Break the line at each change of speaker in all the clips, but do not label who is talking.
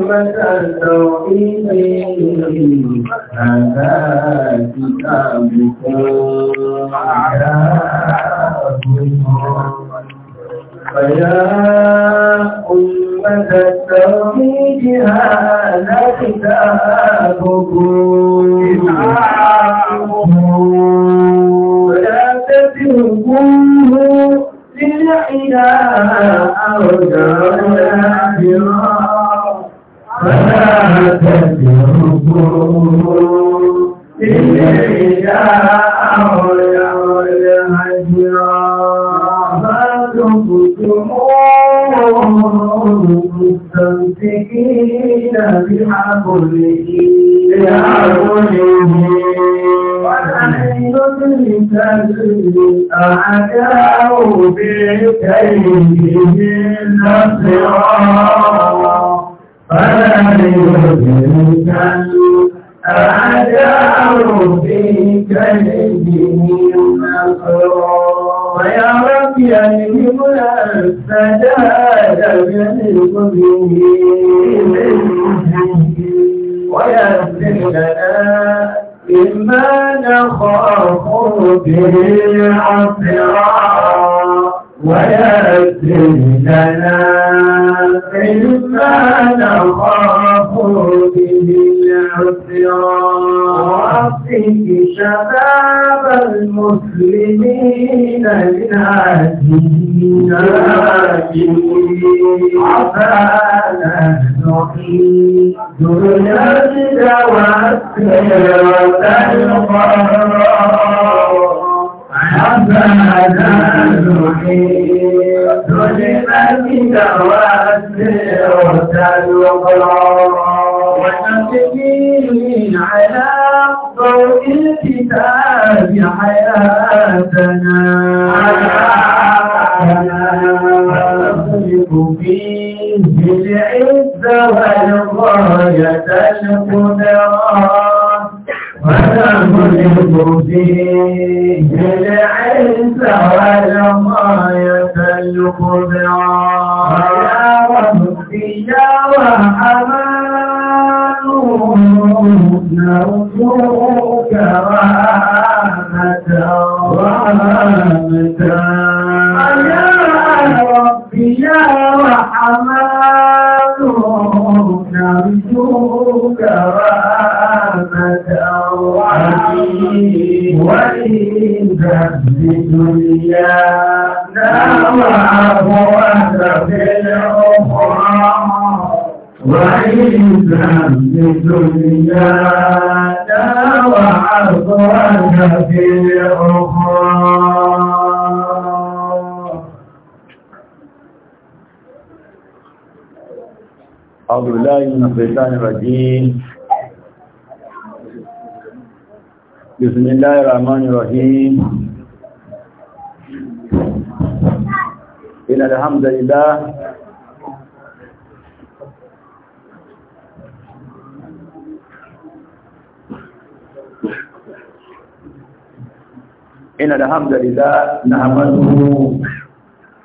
توحيدي هذا
كتابكم فيا أمة التوحيد هذا كتابكم ولا تتركوه للحياة أرجاء الآخرة Fẹ́lá àtẹ̀sí
gbogbo ilé ìyá àwọn
ìyàwó ilé àjíra. Bá tó kù tó mú مستمسكين بحبل لعبل والعين تلتل الأعداء بالكيد من نصرا أعداء في كيدهم ويا رب يلهم السداد بالمؤمنين ويسر لنا مما نخاف به عصرا ويسر لنا مما نخاف به العسران وأصلح شباب المسلمين لنهجنا
عفانا
نحيي دنيا الدواب الخيرة الخيرة أبدا نحيط لمن توسع القرى
ونبني على ضوء الكتاب حياتنا نخلق فيه العز والغاية القرى يلد فيه العنس والغاية الكبرى يا ربي يا رحمن نرجوك رحمة رحمة يا ربي يا رحمن
Bismillahirrahmanirrahim. Bismillahirrahmanirrahim. Inna alhamdulillah. Inna alhamdulillah nahmaduhu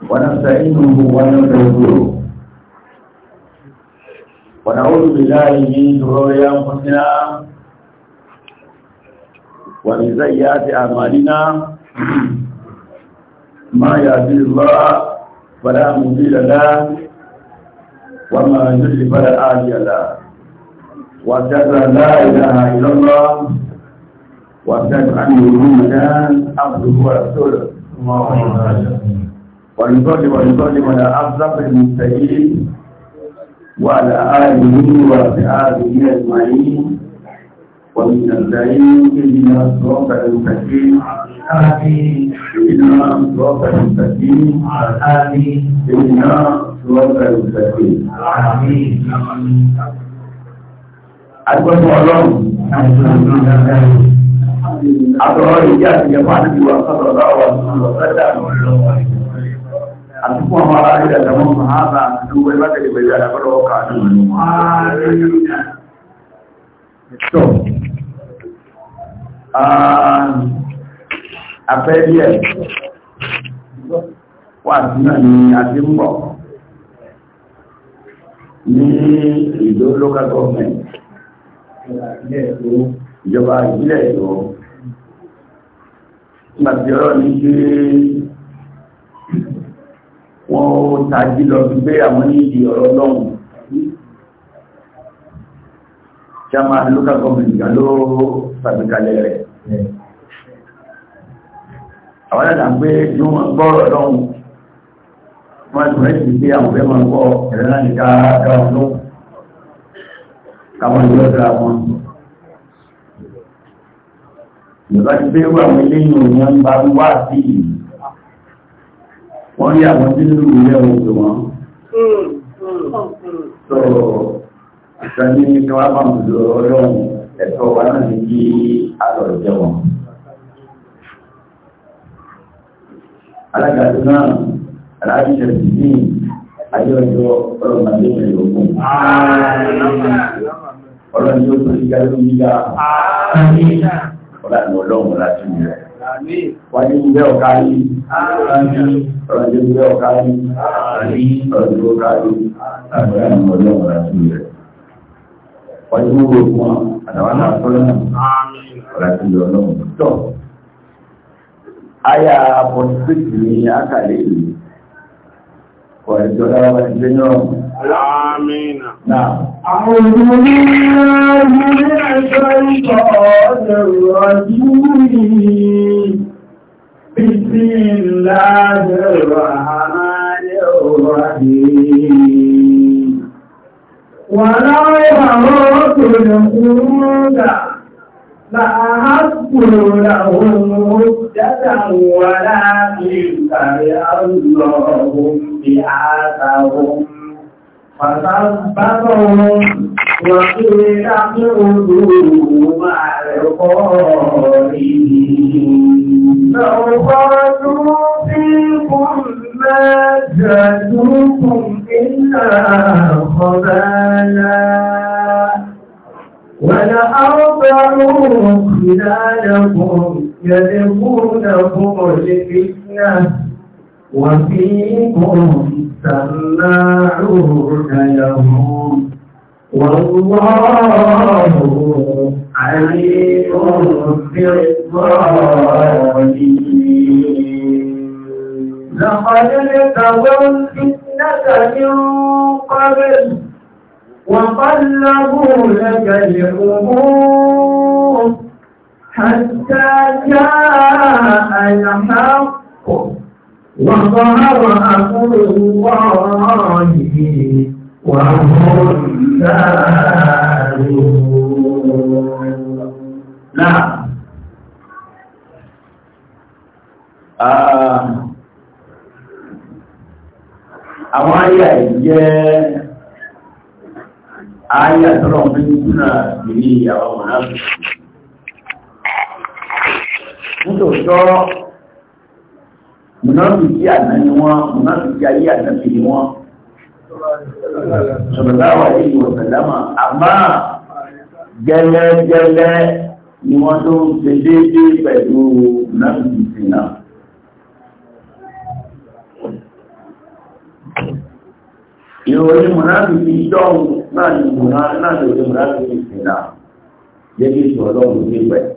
wa nasta'inuhu wa nastaghfiruh. ونعوذ بالله من شرور أنفسنا ومن سيئات أعمالنا ما يهدي الله فلا مضل له وما يضل فلا هادي له وأشهد أن لا إله إلا الله وأشهد أن محمدا عبده ورسوله اللهم صل وسلم ونصلي ونصلي على أفضل المرسلين وعلى آله وأصحابه أجمعين ومن الزعيم إلى صراط المستقيم آمين إلى صراط المستقيم آمين إلى صراط المستقيم آمين أكبر الله
أكبر الله إجازة يفعل بي وأصدر الله وأصدر الله
àti fún àwọn ará ilẹ̀ àtàwọn ọmọ ààbà àti gbogbo ìbátẹ̀lẹ̀ pẹ̀lú àdàbọ̀lọ̀ ọkà àti ìlú Afẹ́ díẹ̀ wà sí náà ni a ti ń bọ̀ ní ìlú local government, ìjọba ìbílẹ̀ ìlú. Ìgbàtí ọ̀rọ̀ ní kí wọ́n ó tají lọ sí pé àwọn nídìí ọ̀rọ̀ lọ́hùn chairman local government gan ló ṣàgbékalẹ̀ rẹ̀ àwọn ẹ̀dà ń pé ní wọ́n gbọ́rọ̀ lọ́hùn wọ́n ti rẹ̀ sí pé àwọn ọ̀fẹ́ máa ń kọ́ ẹ̀rẹ́ wọ́n rí àwọn tí nínú ilé ọmọ òjò wọn sọ àṣà ní káwá bá mú lọ ọlọ́run ẹ̀tọ́ wa náà ní kí a lọ jẹ wọn. alága tó náà aláàbí ṣẹlẹ̀ sí ní ayọ́jọ́ ọlọ́run àti ìpínlẹ̀ ogun. ọlọ́run yóò tó ọlọ́run ọlọ́run láti rẹ̀ wáyé ìgbẹ́ ọ̀ká yìí ọ̀rọ̀ ìgbẹ́ ọ̀ká yìí ọ̀rọ̀ ìgbẹ́ ọ̀ká yìí àti àwọn ọ̀dọ́ ọ̀rọ̀ àti rẹ̀ wáyé gbogbo fún wa àtàwọn náà tọ́lá ọ̀rọ̀ àti rẹ̀ ọlọ́run tọ́ aya pọ̀tíkì ní àkàlẹ̀ yìí ọ̀rọ̀ ìjọ dára wáyé gbẹ́ náà.
أعوذ بالله من الشيطان الرجيم بسم الله الرحمن
الرحيم
ولو مرت الخلود فأحبت لهم مدة ولكن كره الله بآثهم فَتَنْبَطُهُمْ وَقِيلَ قُلُوبُهُمْ عَلَى الْقَائِلِينَ لَوْ خَرَجُوا فِيكُمْ مَا زَادُوكُمْ إِلَّا خَبَالًا وَلَأَرْضَعُوا خِلَالَكُمْ يَبْغُونَكُمُ الْفِتْنَةَ
وفيكم سماعون لهم والله عليم
بالظالمين
لقد ارتضوا الفتنة من قبل وقلبوا لك الأمور حتى جاء الحق وظهر
àwọn ayé àìjẹ́ ayé àtọ́rọ̀ fún ìgbìnà ìrìn àwọn ọmọ náà nítòótọ́ munafiki àná ni wọ́n munafiki ayé ànábì ni wọ́n sọ̀rọ̀láwà yìí wọ̀ sàlámà àmá gẹ́lẹ́gẹ́lẹ́ ni wọ́n tó ń ṣe déédé pẹ̀lú munafiki sínà ìròyìn munafiki dọ́hùn náà ni munafiki sínà jẹ́ kí sọ̀rọ̀ lọ́wọ́ gbé pẹ̀lú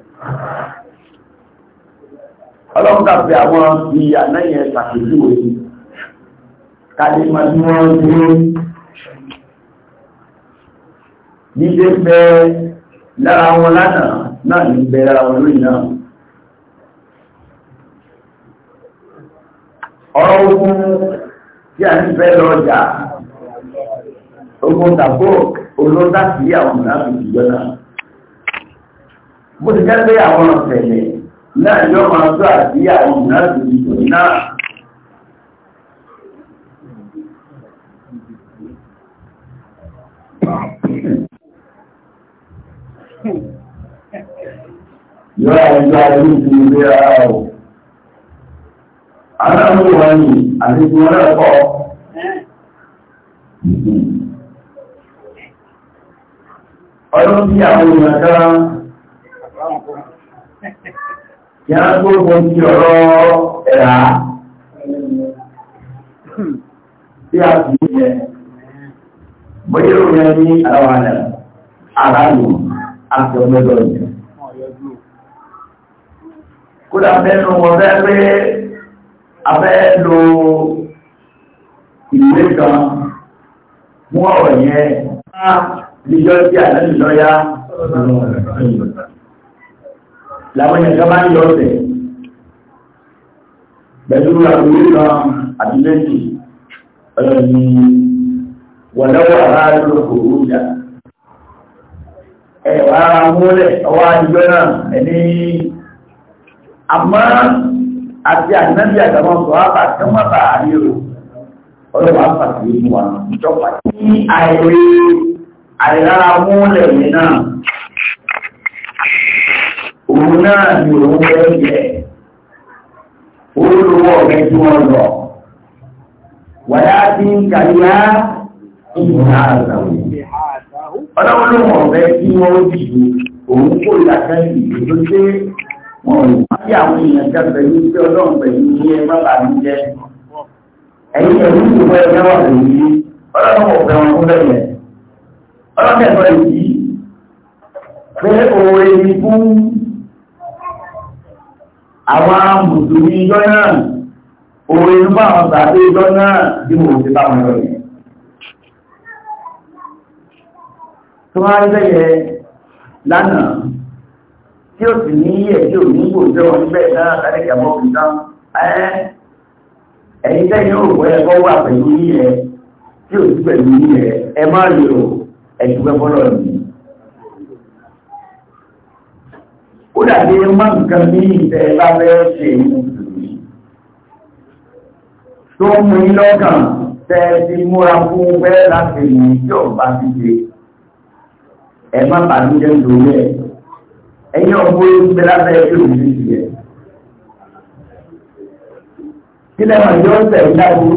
ọlọ́pàá fi àwọn ìyà náà yẹn ṣàpèjúwe kálímà tí wọ́n dúró dídé bẹ lára wọn lánàá náà ní bẹ lára wọn lórí náà ọ̀rọ̀ ogun tí a ń fẹ́ lọ́jà ogun tàbó olóńtà sí àwọn mìíràn ìjọ náà mo ti jẹ́ pé àwọn ọ̀sẹ̀ lẹ́yìn náà yọ́ máa tó àti àwọn ìrìnàjò ìjọ náà yọ́ àjọ àríkù ilé ara ọ̀ aláwọ̀ ni àríkù ọlọ́pọ̀ ọdún tí àwọn ìrìnàjò ní a tó mọ́ sí ọ̀rọ̀ ẹ̀rà tí a fi yẹ bóyérò yẹ ní àwọn àlẹ́ aráàlú àti ọmọdé ọ̀dọ̀ kódà mẹ́nu wọn fẹ́ pé a fẹ́ lo ìwé kan mú ọ̀rọ̀ yẹn níjọ́ tí àlẹ́ nìlọ́yá làwọn èèyàn kan bá ń yọ ọ̀sẹ̀ pẹ̀lú àwòrán kan àbí méjì ọ̀rọ̀ ni wọ̀lọ́wọ́ ara ló kò rú ìjà ẹ̀wà múlẹ̀ ọwọ́ àdìjọ́ náà ẹni àmọ́ àti ànábì àtàwọn sọ ábà tí wọ́n náà ni òun fẹ́ jẹ olówó ọ̀gẹ́ tí wọ́n lọ wàyá tí ń kàríyá ìhùnà àtàwọn ọlọ́wọ́ ló wọ̀n fẹ́ kí wọ́n dìbò òun kò yàtọ̀ ìdìbò tó ṣe wọn ò má bí àwọn èèyàn jẹ́ pẹ̀lú tí ọlọ́run pẹ̀lú ní ẹ má bà mí jẹ́ ẹ̀yìn ẹ̀rú ìwọ ẹgbẹ́ wà lórí ọlọ́run ọ̀fẹ́ wọn fún bẹ́ẹ̀ ọlọ́run ẹ̀fọ́ ìdí pé òwe ni fún àwọn mùsùlùmí ìjọ náà orí ń bá àwọn tàbí ìjọ náà bí mo ti bá wọn lọ yẹn tó wá ń bẹ̀yẹ lánàá tí ó sì ní yẹ̀ tí ò ní kò jẹ́ wọn níbẹ̀ náà láti ìjàmọ́ òkú tán ẹ̀yìn tẹ́yìn ò wọ ẹ̀kọ́ wà pẹ̀lú yíyẹ tí ò sí pẹ̀lú yíyẹ ẹ má lè o ẹ̀jú ó dàbí mọ́ nǹkan ní ìfẹ́ lábẹ́ ṣe mùsùlùmí tó mú ní lọ́kàn tẹ́ ti múra fún wẹ́ láti mú tí ó bá ti ṣe ẹ má bàjújẹ́ lórí ẹ̀ ẹ̀yìn ọ̀pọ̀ ìgbẹ́ lábẹ́ ṣe mùsùlùmí ẹ̀ kílẹ̀ mọ̀ yóò tẹ̀ ìdájú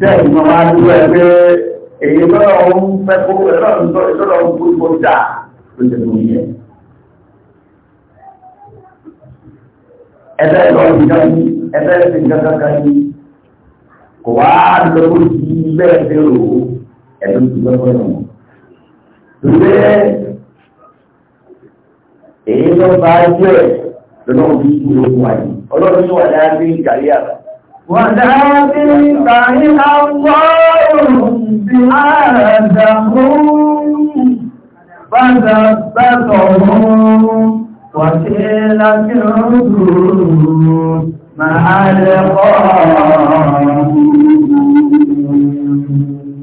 tẹ́ ìmọ̀ wá lú ẹgbẹ́ èyí lọ́rọ̀ ohun fẹ́ kó lọ́rọ̀ ohun tó kó dà tó jẹ tó yẹ. ẹ̀fẹ́ lọ ìjọ ní ẹ̀fẹ́ ti kankan ní kò wá lọ́wọ́ sí bẹ́ẹ̀ fẹ́ rò ó ẹ̀fẹ́ ti lọ́wọ́ nù. Tùdé èyí lọ́ bá jẹ́ lọ́wọ́ bí kú ló wà ní ọlọ́run wà ولكن فرح الله
بآدمهم فثبتهم وقيل اقعدوا
مع القائمين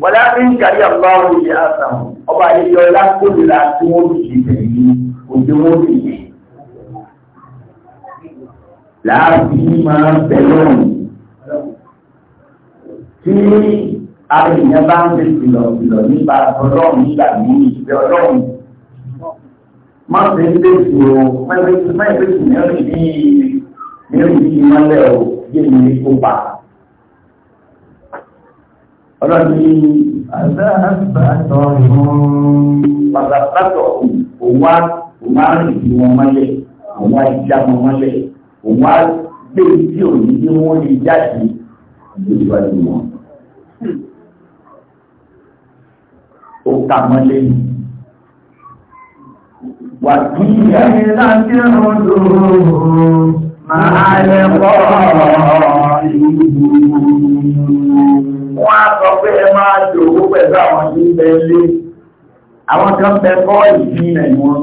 ولكن كره الله بآدمهم ọba ayẹyọlá kórìíra tí wọ́n fi ṣe yìí òjò wọ́n fi yẹ láàbí máa bẹ̀rẹ̀ ọ̀hún tí àwọn èèyàn bá ń fi ìlọ̀kìlọ̀ nípa ọlọ́run nígbà míì ìfẹ́ ọlọ́run má fi ń bèsì o má fi ń bèsì mẹ́rin bí mẹ́rin bí mọ́lẹ̀ o bí èmi ní kópa. ọlọ́run ní àbẹ́rẹ́bẹ́tọ̀ pàtàkàtọ̀ òun á òun á rìn sí wọn mọ́lẹ̀ òun á já wọn mọ́lẹ̀ òun gbé tí òun ní wọ́n lè jáde lójú àjùmọ̀ ó kà mọ́ lẹ́yìn wà kí ẹni láti
ọdọ́ máa lẹ́kọ́
ìlú wọ́n á sọ pé ẹ máa jòkó pẹ̀lú àwọn tí ń bẹ lé àwọn kan bẹ kọ́ ìdínlẹ̀ wọn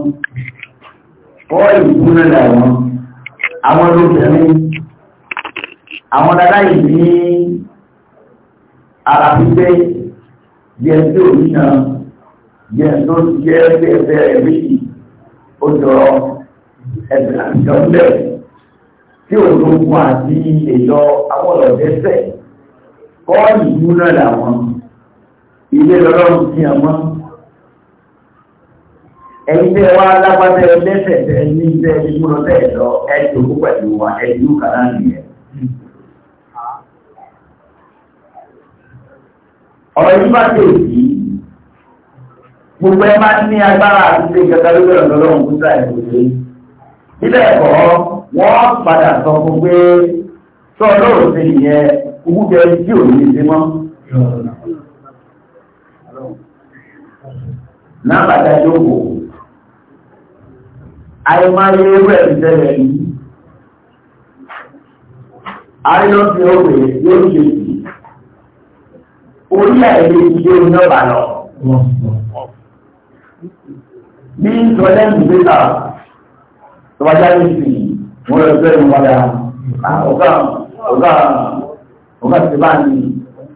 kọ́ ìdínlẹ̀ wọn àwọn lóbìnrin àwọn dada yìí ní ara pípé yẹ tí ò níyà yẹ tó yẹ bẹ́ẹ̀ méjì ó jọ ẹ̀bẹ̀ àjọ lẹ̀ tí ò ló fún àti èyọ àwọn ọ̀dẹ́sẹ̀ kọ́ ìlú náà làwọn ilé lọ́lọ́run fi hàn mọ́ ẹ̀yin tẹ́ wá lápá tẹ́ lẹ́sẹ̀ tẹ́ ní tẹ́ ìmúlọ́tẹ̀ lọ ẹ̀jú pẹ̀lú wa ẹ̀jú kàrá nìyẹn. ọ̀rọ̀ yìí bá tẹ̀ sí gbogbo ẹ ní agbára àti ṣe ìjọba lórí ọ̀dọ́ lọ́wọ́ kúta ìgbòsí níbẹ̀ ẹ̀kọ́ wọ́n padà sọ fún pé tó ọlọ́run ṣe nìyẹn owó jẹ tí ò ní mọ́ náà jókòó àìmáyé tẹ́lẹ̀ orí ẹ̀rí ìdílé oníọ̀bà lọ. Bí sọ lẹ́yìn ìgbésà tó bá jáde sí wọ́n lọ sẹ́yìn wọ́dà ah, ọ̀gá ọ̀gá ọ̀gá ti bá ní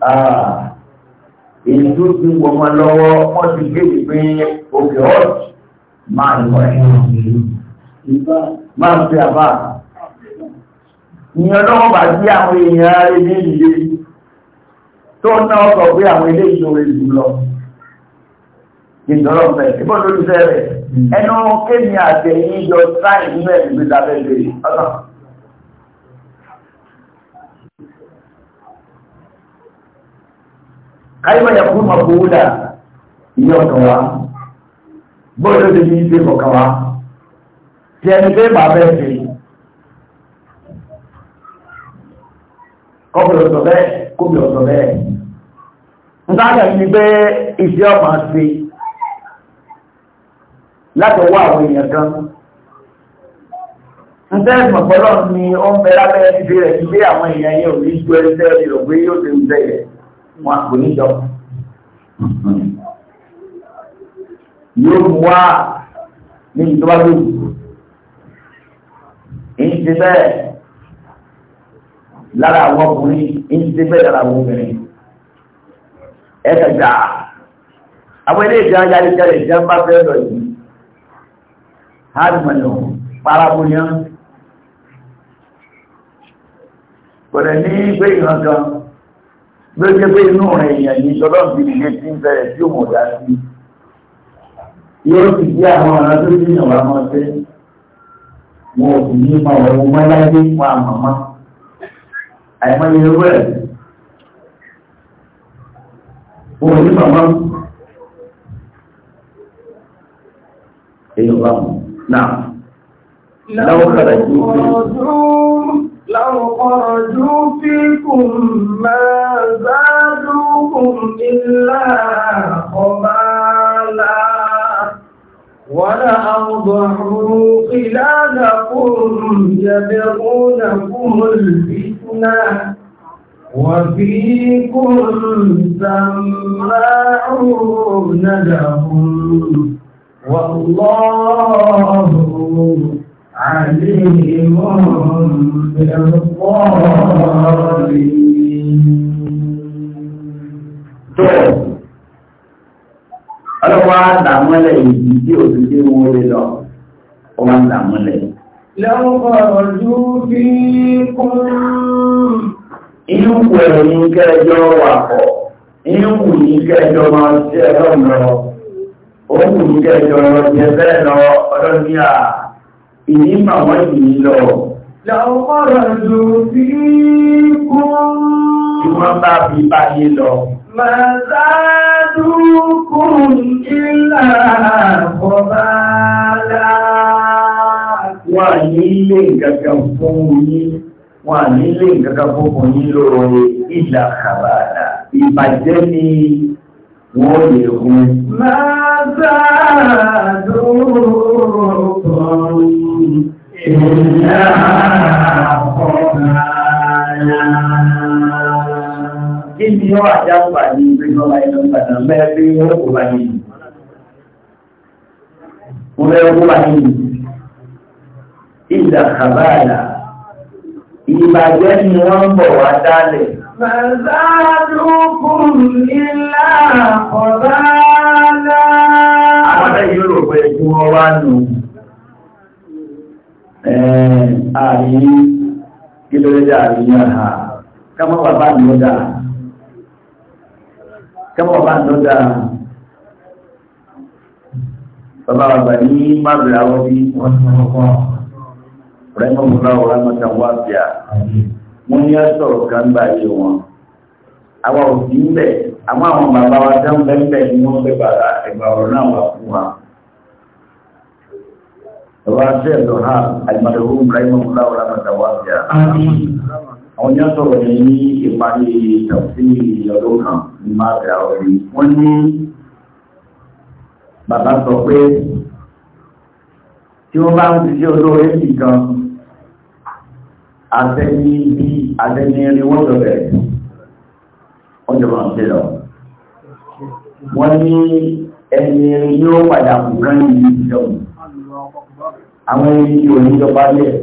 ah, èyí tó ti wọ ọmọ lọ́wọ́ wọ́n ti gbèsè pé òkè ọ̀tí máa ń lọ ẹ̀ máa ń fi àbá. Ìyẹn lọ́wọ́ bá sí àwọn èèyàn rẹ̀ ní ìdílé tó ná ọkọ̀ pé àwọn ilé ìṣòro ìlú lọ ìdọ́rọ̀ fẹ́ ìbọn lórí fẹ́rẹ̀ ẹnu kéèmì àtẹ̀yìn yọ sáì nínú ẹ̀mí gbé dábẹ́ gbé ọ̀nà. káyọ̀ yẹ fún ọmọ owó dà ìyá ọ̀kan wa bóyá ló ti ṣe kọ̀ọ̀kan wa tí ẹni pé bàbá ẹ̀ fẹ́ kọ́bùrọ̀ sọ bẹ́ẹ̀ kóbùrọ̀ sọ bẹ́ẹ̀. Ntáàlẹ̀ ti gbé iṣẹ́ ọmọ sí láti wá àwọn èèyàn kan. Ntẹ́ ìmọ̀pọ̀lọ́ ni ó ń bẹ lábẹ́ títí rẹ̀ gbé àwọn èèyàn yẹn ò ní ju ẹsẹ̀ rẹ̀ gbé yóò ti ń bẹ̀rẹ̀ wọn kò ní jọ. Yóò mú wá ní ìjọba tó wù. Èyí lára àwọn ọkùnrin, èyí bẹ́ẹ̀ lára àwọn obìnrin ẹ̀ka gbà àwọn ilé ìjà ayáyé jẹ́rẹ̀ ìjà bá fẹ́ lọ yìí hàrùmọ̀nà parabóyá kò rẹ̀ ní pé ìran kan bí ó jẹ́ pé inú rẹ̀ èèyàn ní ọlọ́ọ̀bí ilé tí ń bẹ̀rẹ̀ tí ó mọ̀ dá sí yóò sì jẹ́ àwọn ọ̀rọ̀ tó ní ìwà ọmọ pé wọn ò sì ní ma ọ̀rọ̀ wọn láyé wọn àmọ́mọ́ àìmọye owó ẹ̀sìn wọ́n ní bàbá èèyàn bá mú náà
láwọn kàrà jù
لو خرجوا فيكم ما زادوكم إلا خبالا ولأوضعوا خلالكم يبغونكم الفتنة وفيكم سماعون لهم والله عليم
بالظالمين
ọlọ́wọ́ àdàmọ́lẹ̀ yìí tí ò ti dé wọn lè lọ ọwọ́ àdàmọ́lẹ̀
lọ́wọ́ ọ̀rọ̀ ló fi
ìlúkù ẹ̀yìn kẹjọ wàpọ̀ ìlúkù yìí kẹjọ máa ṣe ẹ̀rọ̀n lọ òkù yìí kẹjọ jẹ bẹ́ẹ̀ lọ ọlọ́dúnlá ìní màmọ́ yìí lọ lọ́pọ̀rọ̀
ló fi kún
tí wọ́n bá fi báyé lọ
Màzádùkùn ìlà àkọ̀bálá
wọn à ní lè kankan fúnfún yín lóore ìlà kàbàdà ìbàjẹ́ ni wọ́n lè hun. máa
bá a dúró
kan ìlà kọ̀ọ̀kan. kí ni ó àjáfà ní ìgbésọ́lá ẹ̀rọ ìbàdàn mẹ́rin bí wọ́n kò bá yìí? wọ́n mẹ́rin kò bá yìí. ìlà kàbàdà. Ìbàjẹ́ ni wọ́n ń bọ̀ wá dálẹ̀.
Màzádùkùn ilá ọ̀dálá. Àwọn
ọ̀dẹ́ yìí rò pé kí wọ́n wá nù. Ààrí kí ló bàbá ni ó dáa. Kámọ́ bàbá bí wọ́n tún wọ́n kọ́ rẹ́mọ̀mọ́lá ọ̀rọ̀mọ́ta wá bíà wọ́n ní ọ̀sọ̀rọ̀ kan gbà yé wọn àwa ò sí ń bẹ̀ àmọ́ àwọn bàbá wa dán bẹ́ẹ̀ ni wọ́n fẹ́ bàrà ẹ̀gbà ọ̀rọ̀ náà wà fún wa Ọba ṣe ẹ̀dọ̀ ha àìmọ̀lẹ̀wò rẹ́mọ̀mọ́lá ọ̀rọ̀mọ́ta wá bíà àwọn ní ọ̀sọ̀rọ̀ yẹn ní ìparí tàbí ọdún kan ní máa àtẹ́ni bí àtẹ́ni ẹni wọ́n jọ bẹ̀rẹ̀ wọ́n jọ máa ń pè lọ. wọ́n ní ẹni ẹni yóò padà kù kán ní ìjọ àwọn ẹni tí òní jọ parí ẹ̀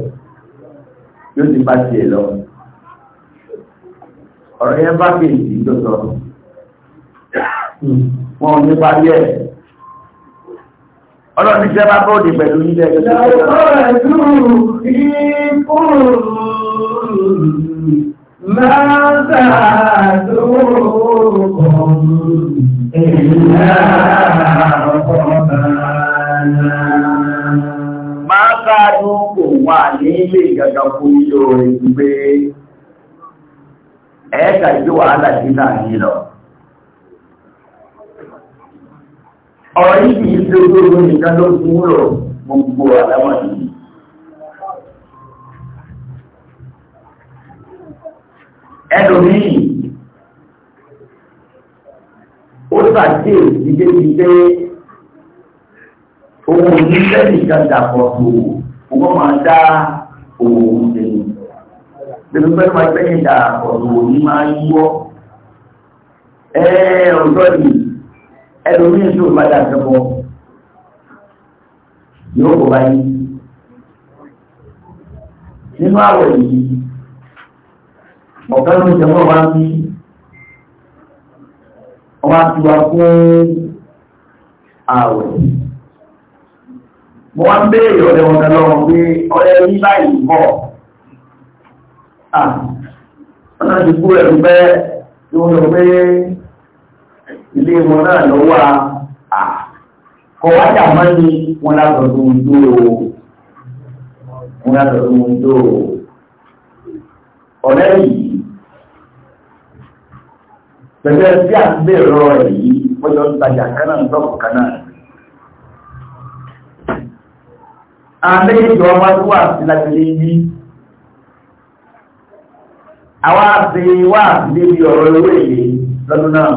yóò ti bá tiẹ̀ lọ. ọ̀rọ̀ yẹn bá kéèjì tó sọ. wọ́n ní parí ọlọ́run iṣẹ́ bá bọ́ òde pẹ̀lú nílẹ̀ ẹgbẹ́ tó ṣe lọ.
Máa sáàdù kò
wà ní ìjọ wàhálà sí náà yìí lọ. ọ̀rọ̀ yìí kìí ṣe gbogbo nìkan ló fún rọ̀ gbogbo àlámà yìí ẹlòmíì ó sàdé ìdíjébíjé owó oníṣẹ́ nìkan dàpọ̀ tó owó máa dá
owó oúnjẹ ni
bẹ́ẹ̀ bẹ́ẹ̀ máa gbẹ́yìn dàpọ̀ tó ní máa yíwọ́ ẹ̀ẹ́ ọ̀dọ́ yìí ẹlòmíì tó bá dà sẹ́kọ̀ọ́ yóò kó báyìí nínú àwọ̀ yìí ọ̀pẹ́ ló jẹ́ mọ́ wá bí wọ́n á ti wá fún àwẹ̀ mo wá ń béèrè ọ̀rẹ́ wọn lọ́wọ́ pé ọ̀rẹ́ ní báyìí bọ̀ ọ̀nà ìdìbò rẹ̀ ń tí wọ́n lọ pé ilé wọn náà lọ́wọ́ à kọ̀wájà máa ní wọn látọ̀ tó ń dó o wọn látọ̀ tó ń dó o ọ̀rẹ́ yìí pẹ̀lú ẹbí àtúndé ìrọ̀ rẹ̀ yìí wọ́n jọ ń tajà kánà ń tọ́kù kánà. àmẹ́jọ ọmọ tó wà sí lágbèlè yìí àwa àti wà sí débi ọ̀rọ̀ owó èlé lọ́dún náà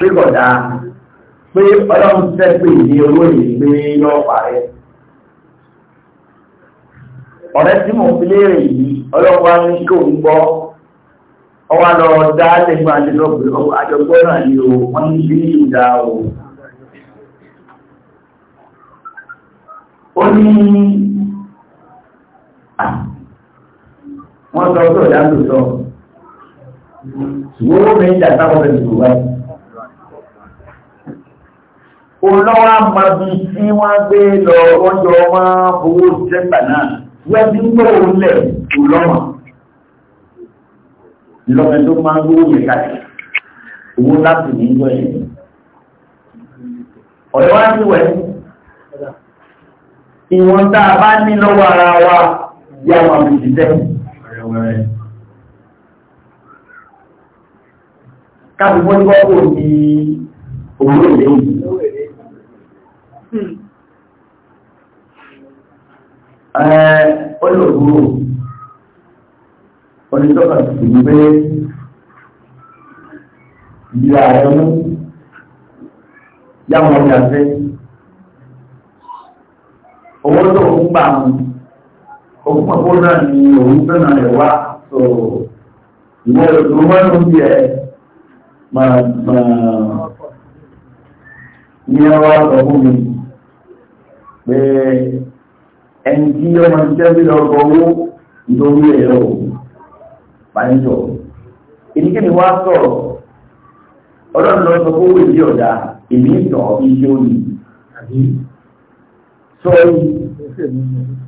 ṣé kọ̀dá pé ọlọ́run fẹ́ pè ní owó yìí yọ parẹ́. ọ̀rẹ́ tí mò ń fi léèrè yìí ọlọ́run ní kí òun gbọ́ ọwá lọ dá lẹ́gbọ́n àjọgbọ́n àjọgbọ́n náà ni o wọ́n ń bí ìdá o. ó ní wọ́n sọ pé ọ̀dà ń lò sọ ṣùgbọ́n ó mẹ́ta táwọn ẹ̀sùn wáyé olọ́wà mọ́bí tí wọ́n gbé lọ ọjọ́ ọmọ owó jẹ́gbà náà wẹ́bí tó lẹ̀ olọ́wà lọ́mọ tó máa ń gbówó yẹn káàkiri owó láti ní ìwọ̀ ẹ̀ ọ̀rẹ́ wá wẹ̀ ìwọ̀n tá a bá ní lọ́wọ́ ara wa yá wọn fi ṣiṣẹ́ káàkiri wọ́n ní wọ́n ní owó ìlẹ́yìn olóògbò hmm. onítọ́kà sì ń pé bí ààrẹ mú yáwọn ọjà fẹ́ owó tó ń gbà mú òun pọ̀pọ̀ náà ni òun tọ́nà rẹ̀ wá so ìwọ òṣèlú wọn ló ń bí ẹ máa ní ẹwà sọ mi pé ẹni tí ọmọ iṣẹ́ bí lọ́gọ́ owó nítorí ẹ̀rọ pàníjọ ìdíkẹ́ni wá sọ̀rọ̀ ọlọ́run lọ sọ fún ìdí ọ̀dà èmi ìtàn iṣẹ́ òní sọ́ọ́rí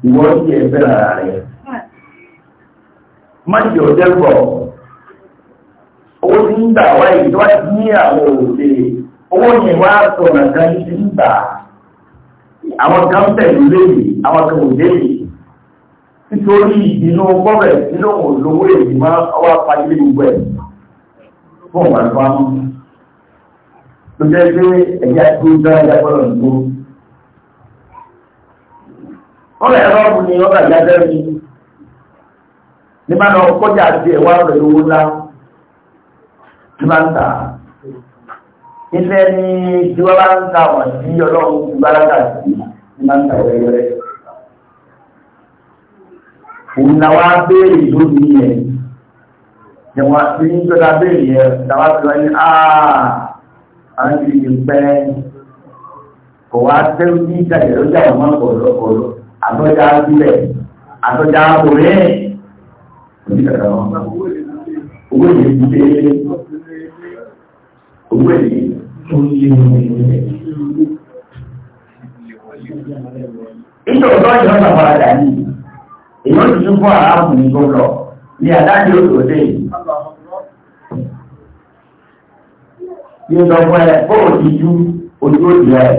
ìwọ sí ẹ̀fẹ́ lára rẹ̀ má jẹ́ ọ̀dẹ́gbọ̀ owó tí ń gbà wáyé tó wá ní àwọn òde owó yẹn wá sọ̀rọ̀ kan ti ń gbà á. àwọn kan tẹ̀lú léyìí àwọn kan ò léyìí nítorí ìdínú nínú olówó èyí máa ọwá pàdé gbogbo ẹ̀ fún ọ̀wà ìfà tó jẹ́ pé ẹ̀yà tó dára ìdágbọ́lọ̀ nìgbó ẹ̀rọ ni mi ní máa lọ kọjá àti ẹ̀wà rẹ̀ lówó Ìfẹ́ ni tí wọ́n bá ń ta wọ̀n sí ọlọ́run ti bálága sí ní máa ń ta wẹ́rẹ́wẹ́rẹ́. Òun náà wá béèrè lórí yẹn. Ìjọba tí ń jọba béèrè yẹn, ìjọba tí wọ́n ní àà àwọn ti di kò wá tẹ́lú ní ìjáde lójà ọmọ ọ̀rọ̀ àtọ́já sílẹ̀ àtọ́já orí òní kàkà wọn. Owó ìdílé owó
ẹ̀yìn tó lé ní ilẹ̀. Ìjọ ọ̀dọ́ ìjọ
dàní, èyàn ti tún fún ní gbọ́dọ̀ ní àdájì òtò dé. Yóò sọ fún ti jú ojú ẹ̀.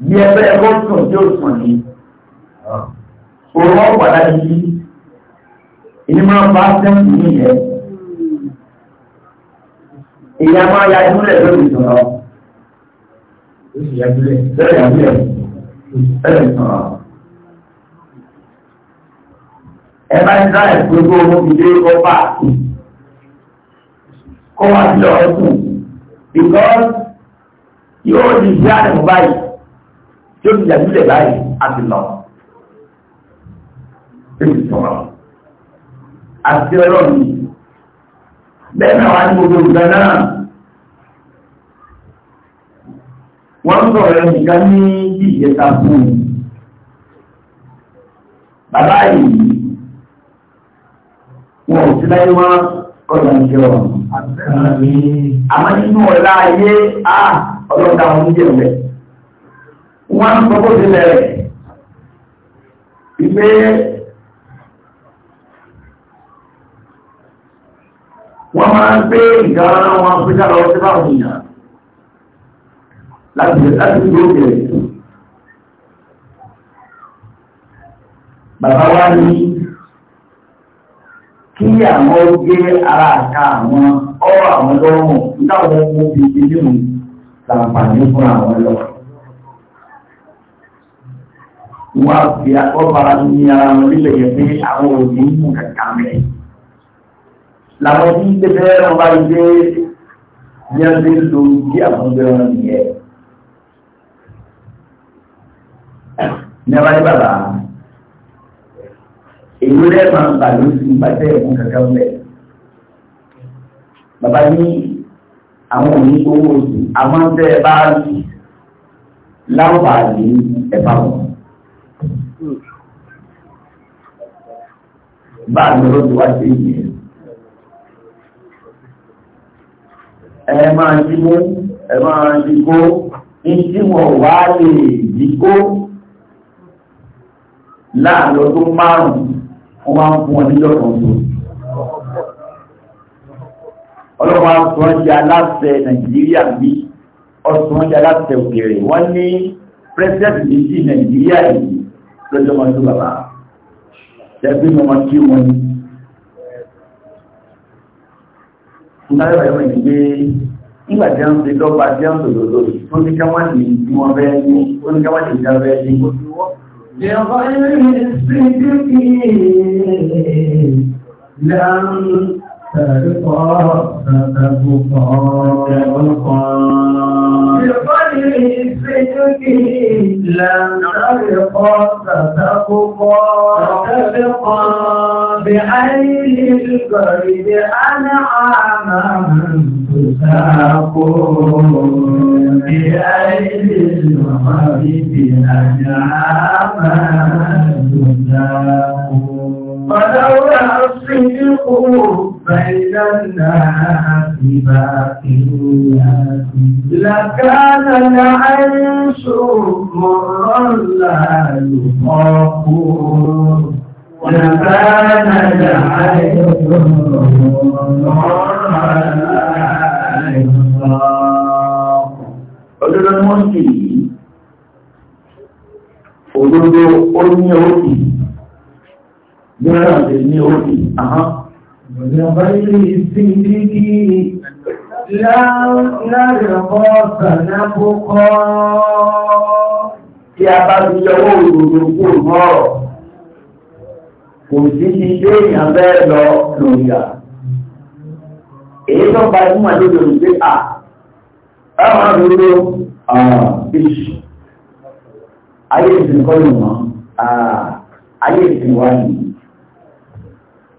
Bí ẹgbẹ́ ẹgbẹ́ tí ó sùn ní. Òun ọ̀pàdá ti jí ìní máa bá sẹ́kù ní ìyẹn ìyá máa ya ìdúlẹ̀ lórí ìsọ̀rọ̀ lórí ìyàgbélẹ̀ lórí ìsọ̀rọ̀ ẹ bá ń dá ìgbogbo owó ìdé kọ́pà kó wá sí ọ̀ọ́kùn because yóò di ìyá àdìmọ̀ báyìí tí ó ti yàgbélẹ̀ báyìí àti lọ lórí ìsọ̀rọ̀ àti ọlọ́run bẹ́ẹ̀ náà wá ní gbogbo ìgbà náà wọ́n sọ̀rọ̀ ẹnìkan ní bí ìjẹta fún un bàbá yìí wọn ò sí láyé wọn ọ̀dà ń jẹun àmọ́ nínú ọ̀la ayé á ọlọ́dà wọn ń jẹun wọ́n sọ bó ti lẹ̀ wọ́n máa ń gbé ìgbàrán wọn pé ká lọ sí báwọn èèyàn láti láti yóò bẹ̀rẹ̀. Bàbá wa ní kí àwọn gbé ara àka àwọn ọ̀rọ̀ àwọn lọ́rùn nítawọn ohun ti ti nínú làǹfààní fún àwọn lọ. Wọ́n á fi akọ́bara ní ara wọn nílẹ̀ yẹn pé àwọn òbí ń mú kàkà mẹ́rin làwọn tí ń tẹ́fẹ́ wọn bá gbé ní ọdún ló kí àwọn gbé wọn nìyẹn. ní abájú bàbá èyí rẹ̀ máa ń bà lóṣù ìbàjẹ́ ìkún kankan mẹ́. bàbá ní àwọn òní owó oṣù àwọn tẹ́ ẹ bá rí láǹfààní ẹ̀fà wọn. báà ní ọlọ́dún wá sí ìyẹn. ẹ máa jímú ẹ máa jígbó ní tí wọ́n wá lè jígbó láàrin ọdún márùn-ún wọ́n máa ń fún wọn níjọ́ kan tó ọlọ́pàá sọ jẹ́ aláṣẹ nàìjíríà bí ọ̀sán jẹ́ aláṣẹ òkèèrè wọ́n ní pírẹ́sẹ̀tì méjì nàìjíríà yìí lọ́jọ́ máa ń tó bàbá tẹ́gbẹ́ ni nítorí ọ̀rẹ́ mi gbé nígbà tí wọ́n ti dọ́gba tí lórí tó ní ká wá ní tí bẹ́ẹ̀ ní ó ní ká wá ní ìjà bẹ́ẹ̀ ní.
Ìyọ̀kọ́ ilé ìsìnkú kì í lẹ́nu tẹ̀lé kọ́ tẹ̀lé kọ́ tẹ̀lé kọ́.
به لم تبقى فتبقى تبقى بعين البرد أنعاما تساق
بعين المغرب أنعاما تساق
فلولا تفرقوا بين الناس لكان العيش مرا لا يطاق لكان
العيش مرا لا يطاق Ọdún lọ́mọ́sí, òdodo ó ní òkè. Gbẹ́rẹ́ àti ní orí, àhán.
Ìjọba ilé ìsìn dídí
láàrẹ̀kọ́ sànákókọ́. Tí a bá ti yọwọ́ òdòdó kò mọ́rọ̀, kò sí ti dé èèyàn bẹ́ẹ̀ lọ lòyà. Èyí tó bá fún àlejò ìgbé à, ẹ̀wọ̀n àdúgbò ààbíṣì. Ayé ìsìn kọ́ lè mọ́, ààyè ìsìn wáyìí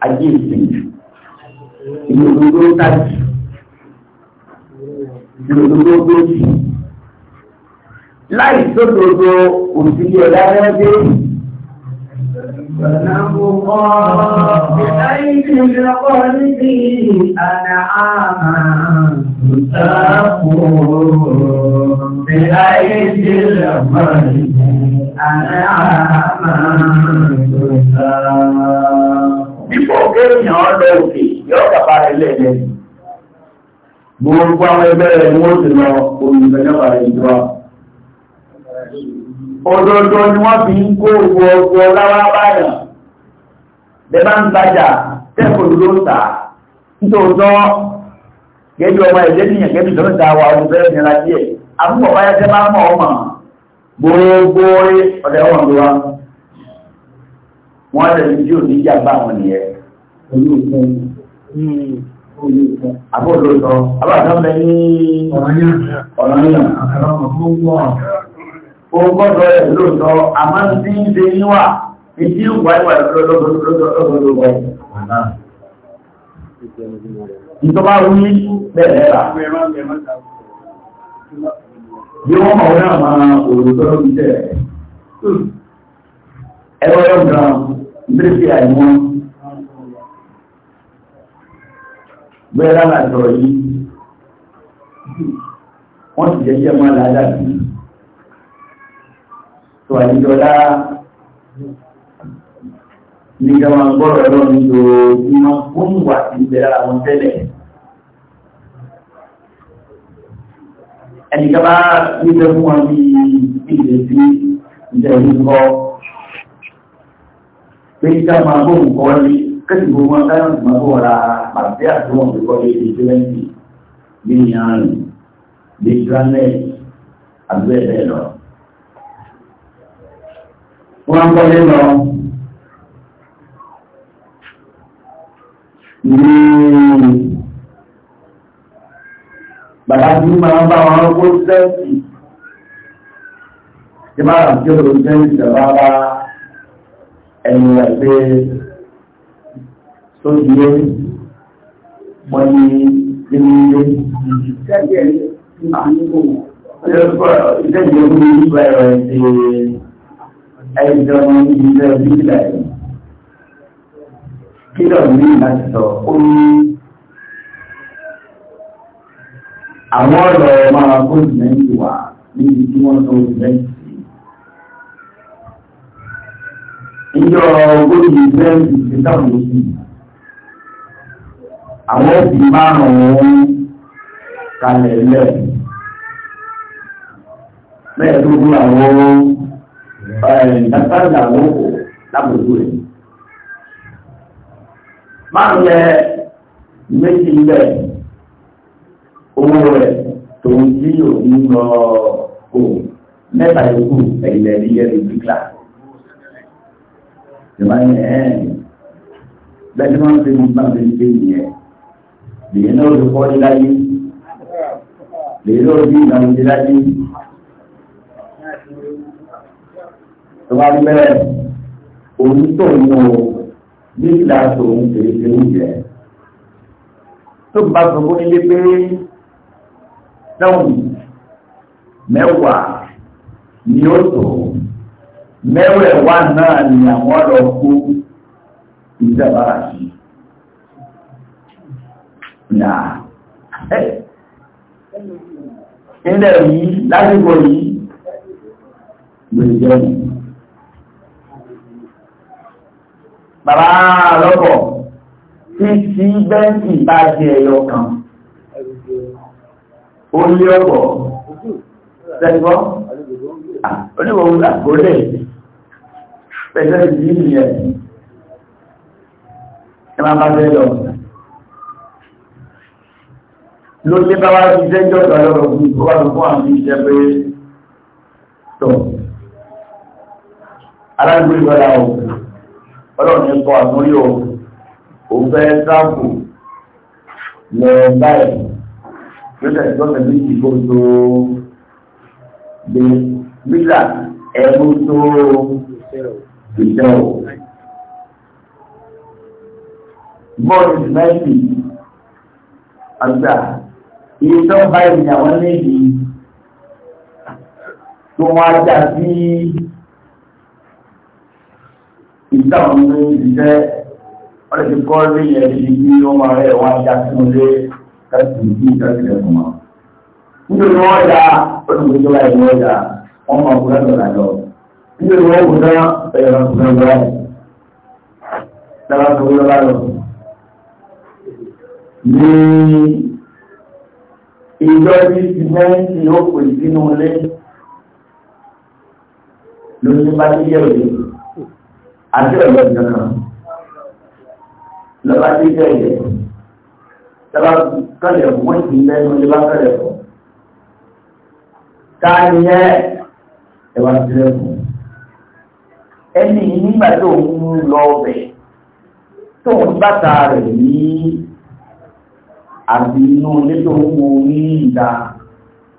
ajé ìsìnjú ìlòdòdó tàbí ìlòdòdó gbòòjì láì sódòdó òsìlè ọ̀dá rẹ́dẹ́ Ìgbàláwò
kọ́ ìdáyìí lọ́kọ́ níbi àdá àmà ìtàkùn
ìdáyìí lọ́kọ́ níbi àdá àmà
ìtàkùn dípò kéèyàn lọ òkè yóò kàbá ilẹ̀ ilẹ̀ gbogbo àwọn ẹgbẹ́ rẹ̀ ni wọ́n ti lọ olùgbẹ̀lẹ́bà ìjọba òdòdó ni wọ́n fi ń kó gbogbo ọgbọ́ láwá báyàn bẹ́bá ń gbajà tẹ́kọ̀ọ́ ló ń tà nítòótọ́ gẹ́gẹ́ ọmọ ẹ̀jẹ̀ nìyẹn gẹ́gẹ́ tó ń ta wa ọmọ bẹ́ẹ̀ nira díẹ̀ àbúkọ̀ báyá tẹ́ bá mọ̀ ọmọ gbogbo ọ̀rẹ́ ọ̀dẹ̀wọ̀n ló wa wọ́n lè ní tí ò ní jàmbá wọn nìyẹn. Àbọ̀ ló sọ, àbájọ́ mẹ́ ní ọ̀rọ̀ yàn. Ó gbọ́dọ̀ ẹ̀ ló sọ, a máa ń tí ń ṣe níwà, ní tí ó wà ìwà lọ́gbọ̀lọ́gbọ̀. Ìjọba wí bẹ̀rẹ̀ rà. Bí wọ́n mọ̀ wọ́n náà máa òòrùn tọ́lọ́ ìbéèrè àìwọ́n bẹ́ẹ̀ lára sọ̀rọ̀ yìí wọ́n ti jẹ́ jẹ́ máa láàdá sí tó àyíjọlá ní ìjọba gbọ́rọ̀ lọ ní ojoojúmọ́ ó ń wà sí ìbẹ̀ lára wọn tẹ́lẹ̀ ẹnìkan bá ní ìjọ fún wọn bí ìgbésí ìjẹ̀rú kọ́ Bẹ́ẹ̀ká máa bóhùn kọ́ ní kẹ́sìgbò wọn táyọ̀ máa bó ra pàṣẹ àtúwọ̀n tó kọ́ lé ìgbélẹ́ǹdì bí i àrùn bí i granite àgbẹ̀bẹ̀ lọ. Wọ́n kọ́ lé ní bàbá tí máa bá wọn kó sẹ́ẹ̀tì tí máa rà tí ó lọ sẹ́ẹ̀tì bàbá ẹni ẹgbẹ́ tó yẹ wọ́n ní nínú ilé ìṣẹ́jẹ́ ní ìgbà ẹ̀rọ ẹ̀sẹ̀ ẹjọ́ ní ìṣẹ́ bíbílà ẹ̀ kílọ̀ ní láti sọ ó ní àwọn ọ̀rọ̀ máa kó ìmẹ́jì wà níbi tí wọ́n tó ìmẹ́jì ìjọ ogójì bẹ́ẹ̀sì ìgbésàwọn oṣù àwọn òbí márùn-ún kalẹ̀ lẹ̀ bẹ́ẹ̀ tó gbé àwọn ìdásáàlà àwọn òkò lábòjú rẹ̀ márùn-ún yẹ méjì lẹ̀ owó rẹ̀ tó ń jí òun lọ kò mẹ́ta yòókù ẹ̀yìn ẹ̀rí ẹ̀rí gbígbà ìjọba ní ẹ̀ẹ́dì bẹ́ẹ̀ ni wọ́n ń ṣe nípa ṣe ń ṣe nìyẹn lèyìn náà ló kọ́ láyé lèyìn náà bí ìlànà ìdí láyé tó bá rí bẹ́ẹ̀ òun tó ń mú tó bá sọ fún ilé pé mẹ́wàá ni ó tó mẹ́wẹ̀ẹ̀wá náà ni àwọn ọ̀rọ̀ kó ìjọba sí náà ilẹ̀ yìí lásìkò yìí gbèrèjẹ́ yìí bàbá lọ́pọ̀ tí tí bẹ́ǹkì bá jẹ ẹyọ kan ó lé ọ̀pọ̀ tẹ́gbọ́n oníwọ̀n àgbólẹ̀ pẹ̀lú ìdí ìyẹn ẹ máa bá fẹ́ lọ ló lé bá wá sí jẹ́jọ́ lọ́rọ̀ fún ìgbówà fún àmì ìjẹ́ pé tọ̀ alágbé ìgbọ́lá o ọlọ́run ní kọ àmúrí o òun fẹ́ sáàpù lọ báyìí ló tẹ̀síọ́sẹ̀ méjì kó tó nígbà ẹ̀mú tó ìṣẹ́ ò. Bọ́ọ̀lù Ìsìláìsì àgbà iye tó ń bá ènìyàn wọn léyìí tó wọn ajá sí ìdáhùn ní ìṣẹ́ wọ́n ti kọ́ léyìn ẹ̀rí bí wọ́n máa rẹ̀ wọ́n ajá sí wọn lé kẹ́sì ní fún wọn. Nítorí wọ́n ya olùgbèjọba ìwọ́n ya wọ́n máa kú lọ́dọ̀ làjọ. Ilé ìwọ́ kò dá ẹ̀rọ kùnà ìwọ́ ẹ̀. Dára tó wúlọ láyọ̀. Ní ìjọ bí ti mẹ́rin ó pè sínú ilé ló ní bá ti yẹ òye. Àti ọ̀yọ́ ìjọba. Lọ́ba ti yẹ òye. Dára kọ́lẹ̀ fún wọ́n ti lẹ́nu ilé bá kọ́lẹ̀ fún. Táyẹ̀ ẹwà sílẹ̀ fún ẹni nígbà tó ń lọ ọbẹ̀ tó ń bàtà rẹ̀ ní àbí inú ilé tó ń wo ní ìta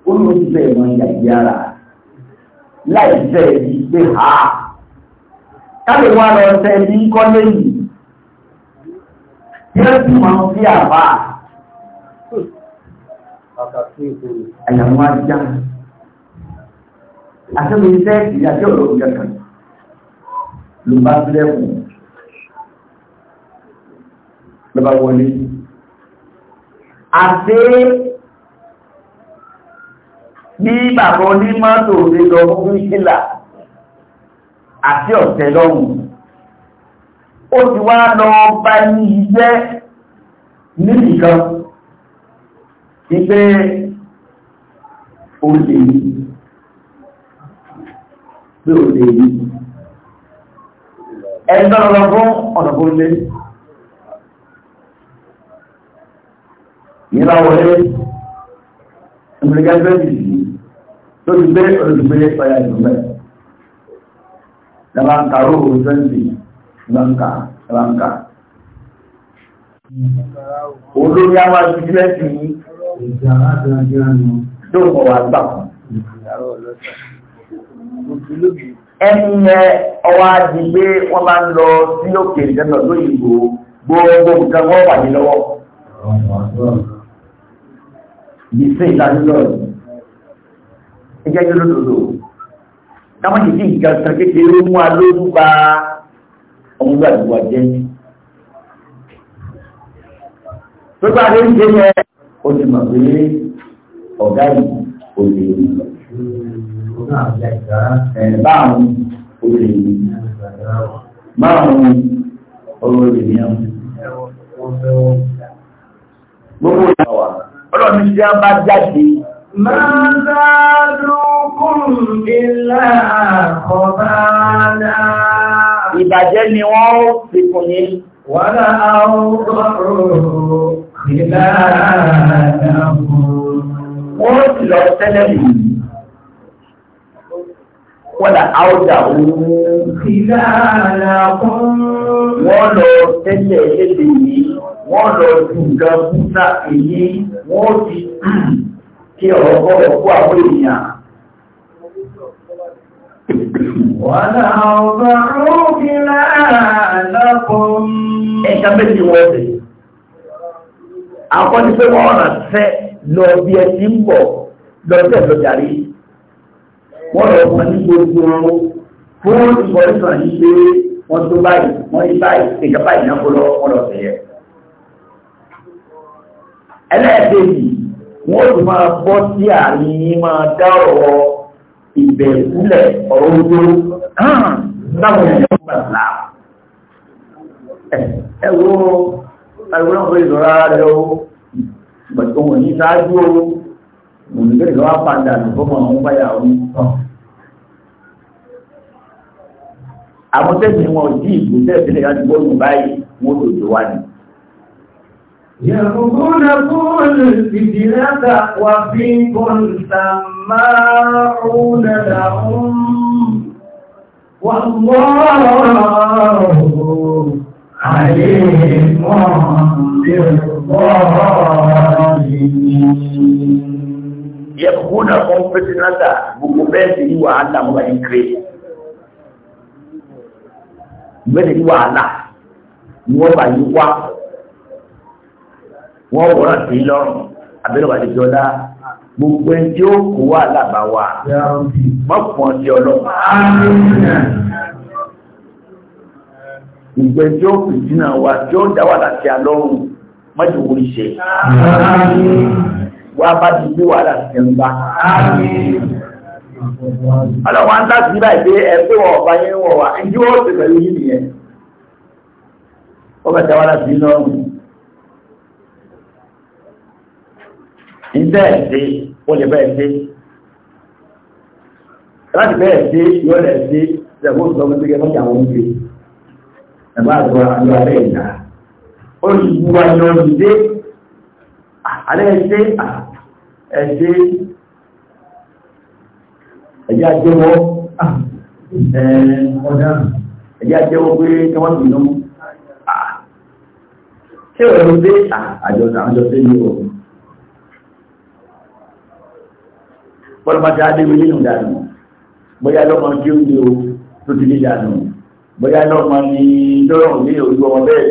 ó ló ti bẹ̀rẹ̀ mọ ìyàgbé ara láì bẹ́ẹ̀ di pé ha káàbí wà lọ sẹ ní kọ́lé yìí tí ó sì máa ń fi àbá àyàwó ajá àtẹ́mi iṣẹ́ ìyá tí ọ̀rọ̀ ń kẹta ló bá sílẹ̀kùn ló bá wọlé àti bí bàbá onímọ́tò lè lọ fún ìṣílà àti ọ̀tẹ̀ lọ́hùn ó ti wá lọ bá ní iṣẹ́ níbìkan ìpé olè bí ó lè rí ẹ̀ẹ́dọ́ lọ fún ọ̀nà kó lé ìyẹ́lá wọlé ìmìlíkà bẹ́ẹ̀ yìí tó ti gbé olùgbé ọ̀yà ìdùnmẹ́ lọ́wọ́ ń kàró òun sẹ́ńtì lọ́nkà lọ́nkà olórí àwọn àtijọ́ ẹ̀sìn
yìí
tó kọ̀ ẹni yẹn ọwọ́ adi pé wọ́n máa ń lọ sí òkè ìjọba lóyìnbó gbogbo nǹkan wọ́n wà ní lọ́wọ́. Ìgbésẹ̀ ìdánilọ́ ẹjẹ́ yóò lòdòdò. Táwọn ti di nǹkan kan kékeré mú a lójú ba ọmọ ìlú àdúgbò jẹ́. Tó bá rí ń jẹ́ yẹn, ó ti mọ̀ pé ọ̀gá yìí ò lè rí lọ báwọn olè ní báwọn olè ní gbogbo ìyàwó ọlọ́ni tí a bá jáde máa dáadókùn ilá
ọ̀báadá
ìbàjẹ́ ni wọ́n ó fi kùn yí wọ́nà àwọn ọ̀rọ̀ ìlànà wọ́n ti lọ tẹ́lẹ̀ yìí wọ́n là áódà òun. ìlànà kan. wọ́n lọ tẹ́lẹ̀ lédè yìí wọ́n lọ ju nǹkan búta èyí wọ́n ti kí ọ̀rọ̀ bọ́ọ̀ kó àwọn èèyàn. Wàlá
ọba rúkìlá lákùn. Ẹ̀ka
méjì wọ́n dé. Àkọ́ni pé wọ́n rà fẹ́ lọ bí ẹ ti ń bọ̀ bẹ́ẹ̀ lọ jàrí wọ́n lọ fún ní gbogbo ọ̀rọ̀ fún ìfọ̀rísàn yìí pé wọ́n tó báyìí wọ́n yí báyìí ìjọba ìnáwó lọ ọ̀rọ̀ tẹ̀yẹ. ẹlẹ́ẹ̀kejì wọ́n tún máa bọ́ sí àárín yín máa dá ọ̀rọ̀ ìbẹ̀kúlẹ̀ ọ̀rọ̀ ojú táwọn èèyàn gbà là. ẹ wo àìwọ́n fún ìṣòro ara rẹ o gbàgbọ́n wọ̀nyí ṣáájú o òǹdè lọ́wọ́ padà lùbọ́mọ̀ àwọn báyàwó tán. àwọn tẹ́sí wọn jí ìbò tẹ́sí lè rántí bọ́ọ̀lù báyìí wọ́n tó jọ wá ní.
Yàgùnkúnlẹ̀ fúnlẹ̀ ìdílẹ́ta wà bí kún sàmárùnlẹ̀ làwọn wà mọ́rọ̀
àyè mọ́ bí ọ̀rọ̀
yabuna kun fitinata buku bẹ́ẹ̀ ti yí wàhálà mọ́ báyìí kiri bẹ́ẹ̀ ti yí wàhálà ni wọ́n bá yí wá wọ́n wọ́n ti lọ́rùn abẹ́rẹ́ wà lẹ́jọ́ dá gbogbo ẹni tí ó kó wàhálà bá wà mọ́pọ̀ ti ọlọ́pàá gbogbo ẹni tí ó fitina wa o ó dá wàhálà ti àlọ́run mọ́jú wọ́n ṣe wà bá ti gbé wàhálà sí ẹnu bá. ọlọ́wọ́ ń tàbí báyìí pé ẹgbẹ́ wọn ọba yẹn wọ̀ wá ẹni wọ́n ti pẹ̀lú yìí nìyẹn. wọ́n bá tẹ wàhálà sí lọ́rùn. ìṣe ẹ̀ṣẹ́ wọ́n lè bẹ́ẹ̀ ṣe. láti bẹ́ẹ̀ ṣe yọ lẹ̀ ṣe ṣẹ̀fọ́ sọ fún pé mọ́jà wọn gbé. ẹ̀fọ́ àgbọ̀ àjọ abẹ́ ìjà alẹ́ ẹ̀ṣẹ́ ah, ẹ̀ṣẹ́ ẹ̀jẹ́ àjẹ́wọ́ ẹ̀jẹ́ àjẹ́wọ́ pé kí wọ́n tún lọ́mú ah. ṣé ọ̀rọ̀ ló dé ah, àjọ́sẹ́ ní ọ̀ pọ́lọ́mọ́ta adéwé nínú dànù bóyá lọ́mọ kí ó ní o tó ti lé dànù bóyá lọ́mọ ni lọ́rọ̀ ní ojú ọmọ bẹ́ẹ̀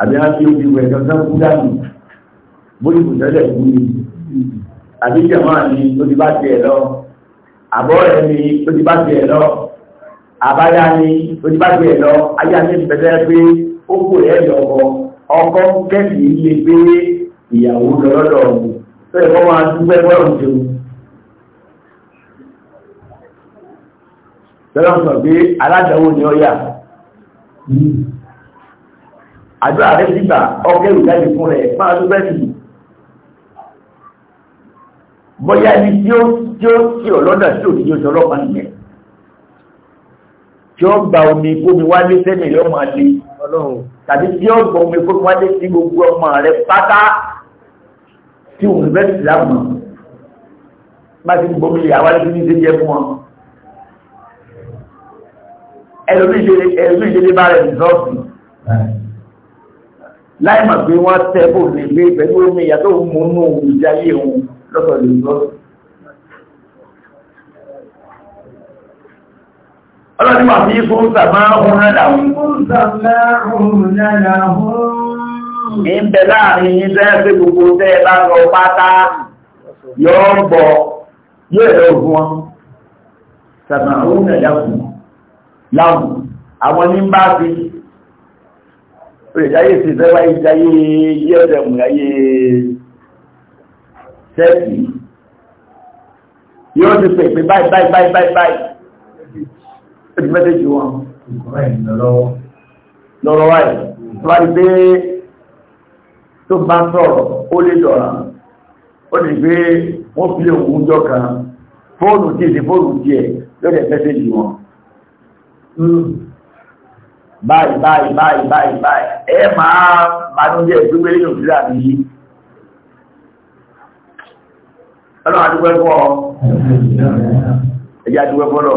àbí wọ́n fi ojú rẹ̀ kankan kú dànù bóyí kò tẹ́lẹ̀ kú ni àbí jẹ̀mọ́ ni tó ti bá tiẹ̀ lọ àbọ̀ rẹ̀ ni tó ti bá tiẹ̀ lọ àbáyá ni tó ti bá tiẹ̀ lọ ayé àti ìpẹ́tẹ́ pé ó kò rẹ̀ lọ́kọ ọkọ kẹ́sì lè gbé ìyàwó lọ́dọ̀ ọ̀hún tó yẹ kọ́ máa dúpẹ́ bọ́ọ̀rù jẹun tọ́lá sọ pé aládàáwò ni ọ yà hmm. àdúrà rẹ̀ sígbà ọkẹ́rù jáde fún rẹ̀ máa dúpẹ́ sí i bóyá ẹni tí ó tí ó tí ò lọ́dà tí ò ní yóò ṣọlọ́pàá nìyẹn tí ó gba omi kómi wálé sẹ́mi yóò máa le tàbí tí ó gba omi kómi wálé sí gbogbo ọmọ rẹ pátá tí òun fẹ́ sì lámà má ti gbomi lè àwálé sí ní ṣe jẹ fún wọn ẹlòmí ìdílé bá rẹ̀ nìzọ́ọ̀sì láì mọ̀ pé wọ́n tẹ́ bò lè gbé pẹ̀lú omi ìyàtọ̀ òun mú nù ìjáyé òun lọ́sọ̀ lè gbọ́. ọlọ́dún máa fi fún sàmá ohun rádà ní ń bẹ láàrin yí tẹ́ pé gbogbo tẹ́ bá lọ pátá yóò gbọ́ yóò lọ fún wọn sàmá ohun rádà láwùn àwọn ní bá fi olùdáyé sí fẹ́ wáyé jáyé yẹ́ọ̀dẹ̀mù ayé tẹ́ẹ̀kì yóò ti pè pé báyìí báyìí báyìí báyìí báyìí ó ti mẹ́tẹ́jì wọn lọ́rọ̀ wáyé tó bá di pé tó bá sọ̀rọ̀ ó lè dọ̀ra ó lè gbé wọ́n fi lè òun jọ kan fóònù tí èdè fóònù tí ẹ̀ lọ́dẹ̀ mẹ́tẹ́jì wọn báyìí báyìí báyìí báyìí ẹ máa máa ń jẹ́ ìgbégbé nínú ìlànà yìí ọlọ́run adúgbẹ́ fún ọ ẹ̀yà adúgbẹ́ fún ọ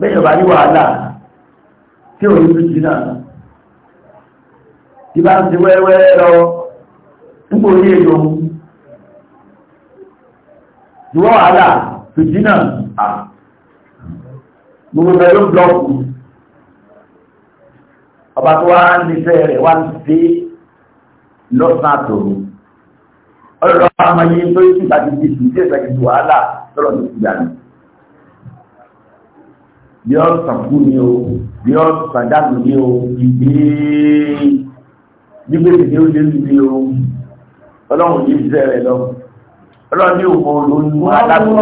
bẹ́ẹ̀ bá ní wàhálà tí ò ní bìtì náà tí bá ń ti wẹ́wẹ́ lọ nígbò ní èdò ìwọ́ wàhálà bìtì náà gbogbo ẹ̀rọ blọọkù ọba tó wá ń nífẹ̀ẹ́ rẹ̀ wá ń fi lọ́sàn àtòrò ọlọ́ amáyé tó yí síta ti dìbò tí èsà ti wàhálà tọ́lọ̀ tó ti dànù bí ọ sànkú ni o bí ọ sàdánù ni o ìgbé nígbèsè ni ó lé ní o ọlọ́run yìí zẹ́ rẹ̀ lọ ọlọ́run ní òun olóyún alágbó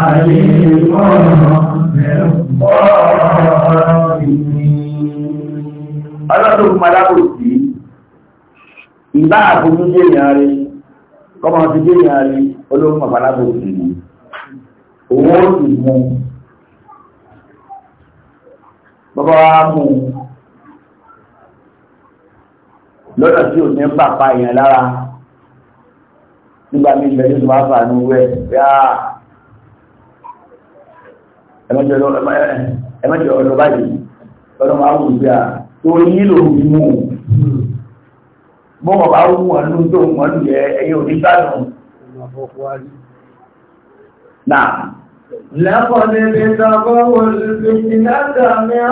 Àyíkọ́
ẹ̀fọ́
ìní. Ọlọ́run tó fún alábòsí ìbá àbúrú jẹ́ ìyàn rẹ̀ kọ́mọ ti jẹ́ ìyàn rẹ̀ olóhùn àbálábò ìlú owó ìmú bọ́bá wa mú lọ́nà tí ò ní pàpà èèyàn lára nígbà míì bẹ̀rẹ̀ tó bá fà ní wẹ̀ yá ẹ̀mẹ́jọ ọ̀dọ̀ báyìí ọ̀dọ̀ tó yí lòun mú bọ́wọ̀ bá wù wọn ló tó wọn lù yẹ ẹyẹ onígbàdùn. Náà. لقد
ابتغوا الفتنة من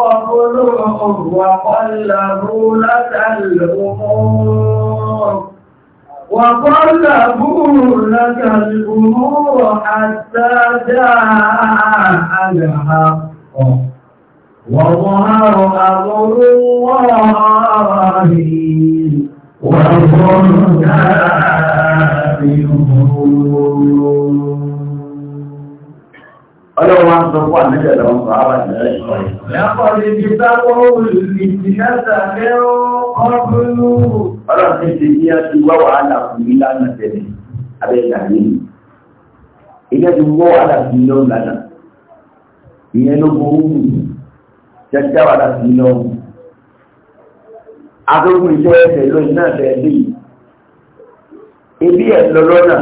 قبل وقلبوا لك الأمور وقلبوا لك الأمور حتى جاء الحق وظهر أمر الله وهم
كافرون
Ọlọ́run wá ń sọ fún àmìlẹ̀ lọ́wọ́ sọ àwọn ìrẹ́ ìṣọ́ ìṣọ́. Yàpọ̀ lè bí sáwọ́ olùfìtìmẹ́ta mẹ́rọ ọdúnlú. Ọlọ́run ti ti ní ẹ̀sùn wọ́wọ́ àlàkùn ní lánàá tẹ̀lé, abẹ́ ìgbàgbé. Ilé ti wọ́wọ́ àlàkùn ní lọ́nà. Ìyẹn ló gbọ́ jẹ́jẹ́ wà láti lọ agogun iṣẹ́ ẹsẹ̀ lóyìn náà tẹ̀lé ebi ẹ̀ lọ lọ́nà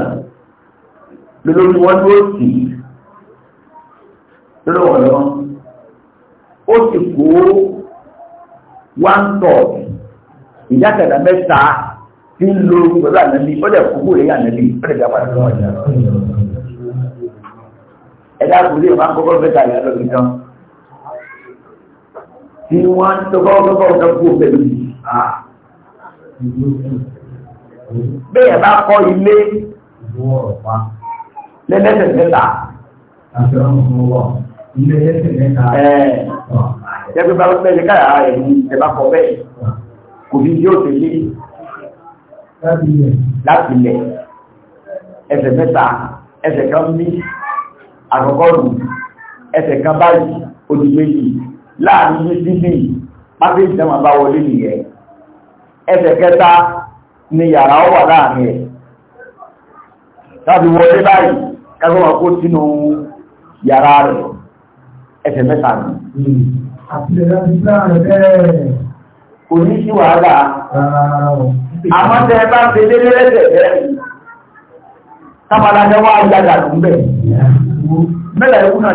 lórí wọn ló sì lọ́wọ́ lọ́wọ́ ó sì kó one third ìyákẹ̀dá mẹ́ta tí ń lo pẹ̀lú ànábì ó dẹ̀ kúkú rẹ̀ ànábì ó dẹ̀ gbàgbà lọ́wọ́ ẹ̀dá kò lè máa ń kọ́kọ́ fẹ́ tàyà lọ́gbìn tí wọ́n ń tọ́kọ́ ọ̀pọ̀ ọ̀dọ́kú pẹ̀lú bẹ́ẹ̀ bá kọ́ ilé lẹ́lẹ́sẹ̀ mẹ́ta ẹgbẹ́ bá lọ́pẹ́ ẹ̀lẹ́ káyà rẹ̀ ní ẹ̀bá kọ bẹ́ẹ̀ kò bí yóò tẹ̀lé láti ilẹ̀ ẹsẹ̀ mẹ́ta ẹsẹ̀ kan bí àkọ́kọ́ rù ẹsẹ̀ kan báyìí odùgbé yìí láàrin bíbí pàtí ìjọmọ̀ bá wọlé nìyẹn ẹsẹ̀ kẹta ni yàrá ó wà láàrin ẹ̀ tàbí wọlé báyìí kẹfọ́n kó sínú yàrá rẹ̀ ẹsẹ̀ mẹ́ta ni kò ní sí wàhálà àmọ́ tẹ́ ẹ bá ń mẹ́lẹ̀ ẹ̀kú náà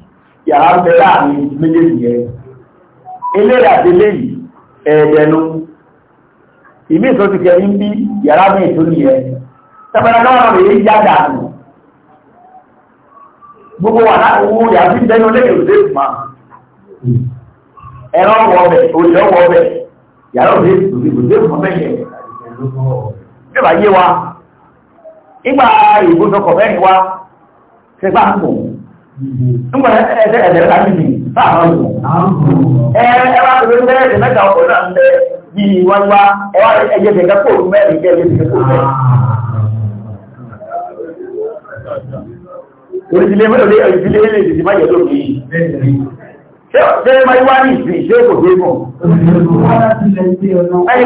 yàrá ń bẹ láàrin méjèèjì yẹn eléyìí àti eléyìí ẹ̀ẹ̀dẹ̀nu ìmí ìtọ́ ti kẹ́ ń bí yàrá mi ìtò nìyẹn tẹ́fẹ́lá náà rẹ̀ yé yá dànù gbogbo wà láti wú yàrá ń bẹ́nu lẹ́yìn òde ìgbà ẹ̀rọ wọ ọbẹ̀ òde ọwọ́ ọbẹ̀ yàrá òde òde ìgbà mẹ́yẹn bí wàá yé wa ìgbà ìgbósọkọ̀ mẹ́rin wa ṣẹgbà ń kùn Nígbà ẹ̀ẹ́dẹ́ ẹ̀dẹ́ lábìlì sáàrùn ọ̀rọ̀. Ẹ̀ẹ́dẹ́wà tó ń bẹ́rẹ̀ mẹ́ta ọkọ̀ náà ń bẹ́ bí wọ́n wá ẹwà ẹ̀yẹ́ tẹ̀kẹ́ kò mẹ́rin jẹ́ ẹ̀yẹ́ tẹ̀kẹ́ kò mẹ́rin.
Oríṣìlẹ̀ mẹ́rin oríṣìlẹ̀
ilé ìdìdì máa yẹ̀ lókè yìí. Ṣé máa wá ní ìsìn ṣé kò dé mọ̀? Ẹni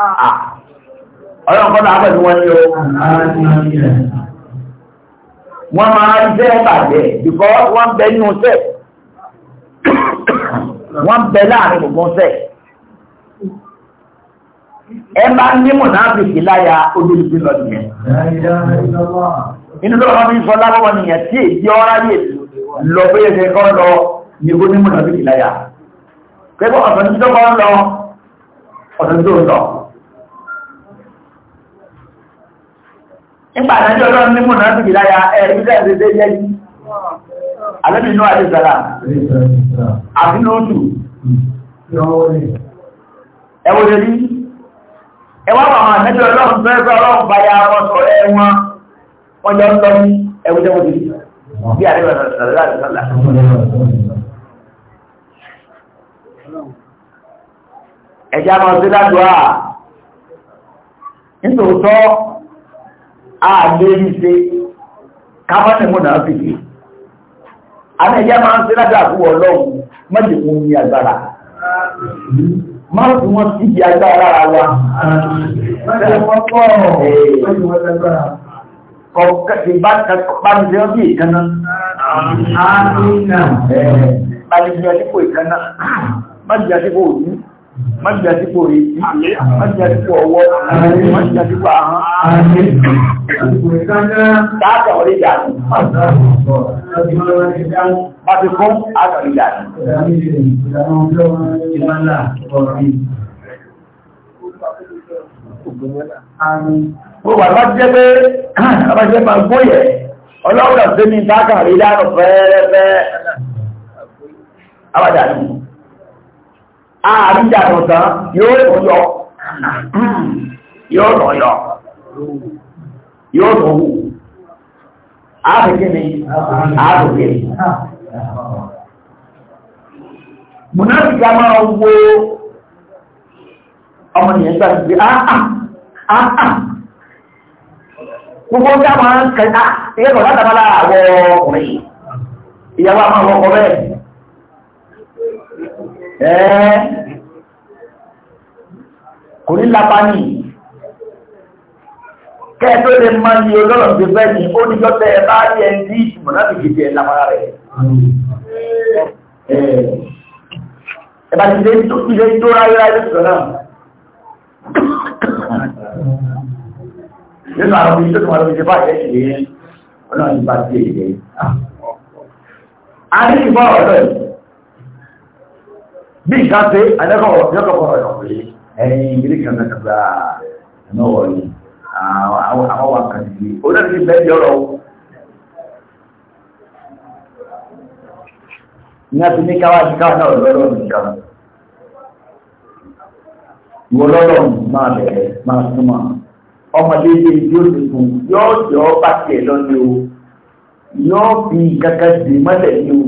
Ah. Ọlọ́run kọ́ ni wọ́n ní o. Wọ́n máa ń jẹ́ bàjẹ́ bìkọ́ wọ́n bẹ nínú sẹ̀. Wọ́n bẹ láàrin gbogbo sẹ̀. Ẹ máa ń ní mọ̀nàbìkì láya olólùgbé lọ nìyẹn. Inú lọ́wọ́ bí sọ lábọ́wọ́ nìyẹn tí èyí ọ́rá yè lọ bóyá ṣe kọ́ lọ ní gbogbo ní mọ̀nàbìkì láya. Pẹ́pọ̀ ọ̀sán tí tó kọ́ lọ, ọ̀sán tó lọ. nígbà àdájọ́ ọlọ́run ní múnà sí ìdáyà ẹ̀rí tẹ́ẹ̀sì tẹ́ yẹ́ yìí alẹ́bí inú àti ìsàlá àti lóòtù ẹwọ́ lè rí ẹwọ́ àwọn àdájọ́ ọlọ́run fẹ́ẹ́fẹ́ ọlọ́run báyá wọn sọ ẹ̀wọ̀n wọn jọ ń lọ ní ẹwọ́ jẹ́ wọ́n bí àdébà sàlá àti sàlá ẹ̀já máa ń ṣe dájọ́ à nítòótọ́ àgbérí ṣe kábọ́nì múnà fìdí àmẹ́jẹ́ máa ń ṣe ládàkú ọlọ́run mọ́jẹ̀kún ní agbára máa fi wọ́n sí ibi agbára wa kọ̀ọ̀kẹ́ ìbánilẹ́ ọdún ìkaná àmì náà bánilẹ́ ọdún ìkaná májèlé àdíkò òní májíjájípò rí májíjájípò ọwọ́ májíjájípò àhán tààtà orí ìdájú bá ti kún àtà orí ìdájú ó wà bá jẹ́ pé ọba jẹ́ máa gbóyẹ̀ ọlọ́rọ̀ sí ní tààtà orí ìdájú fẹ́ẹ́rẹ́fẹ́ abájáde àríjà tọ̀tàn yóò lọ́yọ́ yóò lọ́yọ́ yóò lọ́wọ́ àbẹ̀kẹ́ ni àbẹ̀kẹ́ mùnáfíkà máa wo ọmọ nìyẹn gbà pé áà ah, ah, ah, gbogbo ń dá máa ń kẹta ìyẹ́kọ̀ọ́ látàbálà àwọ̀ ọkùnrin ìyàwó àwọn ọkọ̀ bẹ́ẹ̀ ẹ́ kò ní lápá ní kẹ́ẹ̀tọ́ lè máa ní ọlọ́rọ̀ ti fẹ́ ní ó níjọ́ tẹ́ ẹ bá rí ẹ ní ìtumọ̀ láti gèdè ẹ lápá rẹ̀ ẹ bá ti lè tó ráyé ráyé sọ̀rọ̀ náà nínú àwọn ọmọ ìṣẹ́ tó wà lórí ìṣẹ́ báyẹ̀ ṣe bí nǹkan ṣe àjẹ́kọ̀ọ́ ọ̀rọ̀ pé ẹ̀yìn ilé kan náà gba ẹ̀nà ọ̀rọ̀ yìí àwọn wà kan sí ó lẹ́nu ní bẹ́ẹ̀ yọ̀rọ̀ ní a ti ní káwá sí káwá náà lọ́rọ̀ nìkan ìwọ lọ́rọ̀ máa bẹ̀rẹ̀ máa súnmọ́ ọmọdé ilé yóò ti fún yóò jọ bá tiẹ̀ lọ́ni o yóò fi kankan dì mọ́lẹ̀ ni o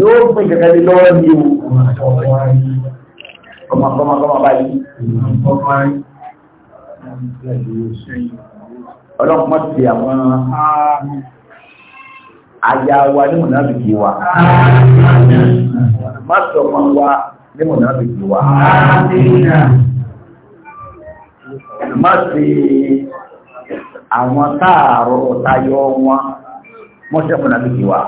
yóò fi kankan dì lọ́wọ́ ni o. Kọmọkọmọ báyìí. Ọlọ́pọ̀ ti àwọn àyà wa ní mùnábìkì wa. Má sọ ọmọ wa ní mùnábìkì wa. Má sí àwọn táàrọ̀ tayọ wọn, mọ́ṣẹ́ mùnábìkì wa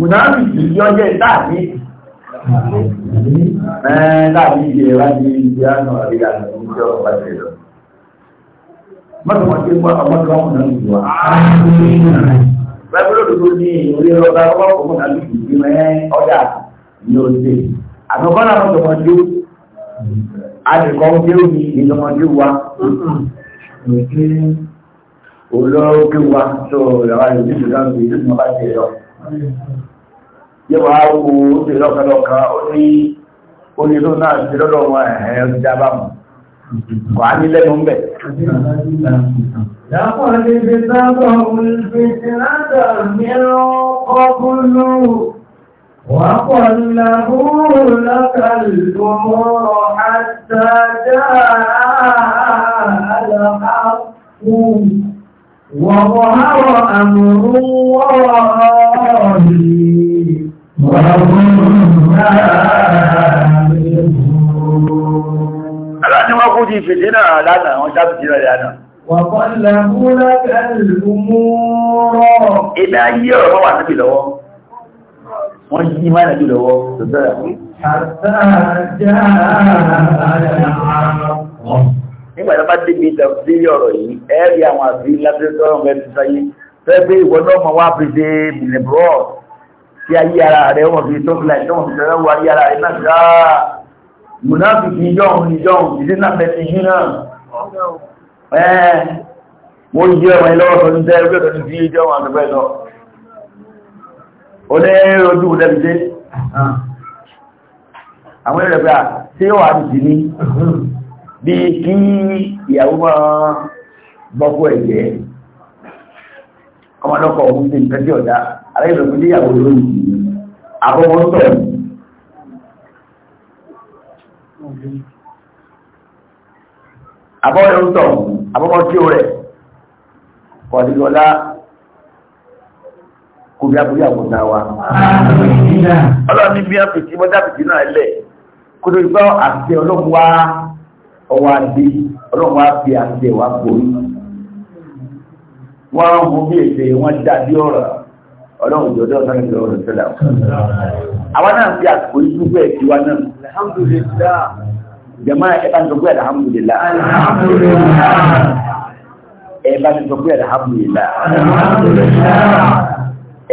mùnáàbì sì yọ jẹ́ ìtàní láàbí ìdí ẹ̀rá ní ibi àná àríyá ní ìjọ ọba ìrẹ̀lọ. mọ́tòmọ́ tí wọ́n ọmọ kan wọn náà yìí wá. bẹ́ẹ̀ ló dúró ní orí ọba ọba ọmọ náà yìí fi mẹ́ ọjà ní oṣù. àtọ̀kọ́ náà mọ́tòmọ́ tí ó àdìkọ́ tí ó ní ìjọmọ́ tí ó wá. olórí wa tó yàrá ìdíje náà fi ìdíje náà yẹ wà á wo oṣù lọ́kàlọ́kà ó ní onílò náà ti lọ́dọ̀ wọn ẹ̀hẹ́ ọjà bá wà á ní lẹ́nu mbẹ̀.
Yàtọ̀ lè
وظهر أمر الله وهم
Aláàni wọ́n kú di ìfèdè náà lánàá, wọ́n jábì jí rẹ̀ lánàá. Wàkọ́lá
mú lágbàlù mú rọ̀. Ilé
ayé ọ̀rọ̀ wà níbi lọ́wọ́. Wọ́n jí máa nàbí lọ́wọ́, tọ́tọ́ nígbà tó bá débi ìtàkùsí ọ̀rọ̀ yìí ẹ rí àwọn àbí lábẹ́sọ̀rọ̀ ọ̀gá ẹ̀sùn sáyé fẹ́ pé ìwọ náà mọ̀ wá pèsè bìlẹ̀bùrọ̀ tí ayé ara rẹ̀ wọ́n fi tó fìlà ìtọ́wọ̀n fi tẹ̀lé wọ ayé ara rẹ̀ náà ṣá mùnáfìkì yọ̀hún ni yọ̀hún ìdí náà mẹ́tì yín náà ẹ̀ mo yí ọmọ ilé ọ̀sán ní tẹ́ ẹgbẹ́ ọ̀sán ní ìjọ wọn àgbẹ̀ lọ ó àwọn ẹ̀rẹ̀ bí kí ìyàwó máa bọ́kú ẹ̀jẹ́ ọmọdọ́kọ̀ ọ̀hún ti nǹkan tí ọ̀dá aláìsọ̀kú tí ìyàwó lórí àbọ̀wọ́ tọ̀ àbọ̀wọ́ tọ̀ àbọ̀wọ́ tí ó rẹ̀ kọ̀dìgọ́lá kò bí abúlé àbúdá wa ọlọ́run bí a fìtí mọ́dá fìtí náà lẹ̀ kó lórí gbọ́ àti ọlọ́run ọwọ́ adé ọlọ́run wá fi àti ẹ̀wà gbòòrò wọ́n mú bí èdè wọ́n dàbí ọ̀rọ̀ ọlọ́run jọ̀dọ̀ sáré lọ́wọ́ rẹ̀ sẹ́lá. àwa náà fi àsìkò ìlú bẹ́ẹ̀ tiwa náà. alhamdulilayi. jama ẹ bá ń sọ pé alhamdulilayi. ẹ bá ń sọ pé alhamdulilayi.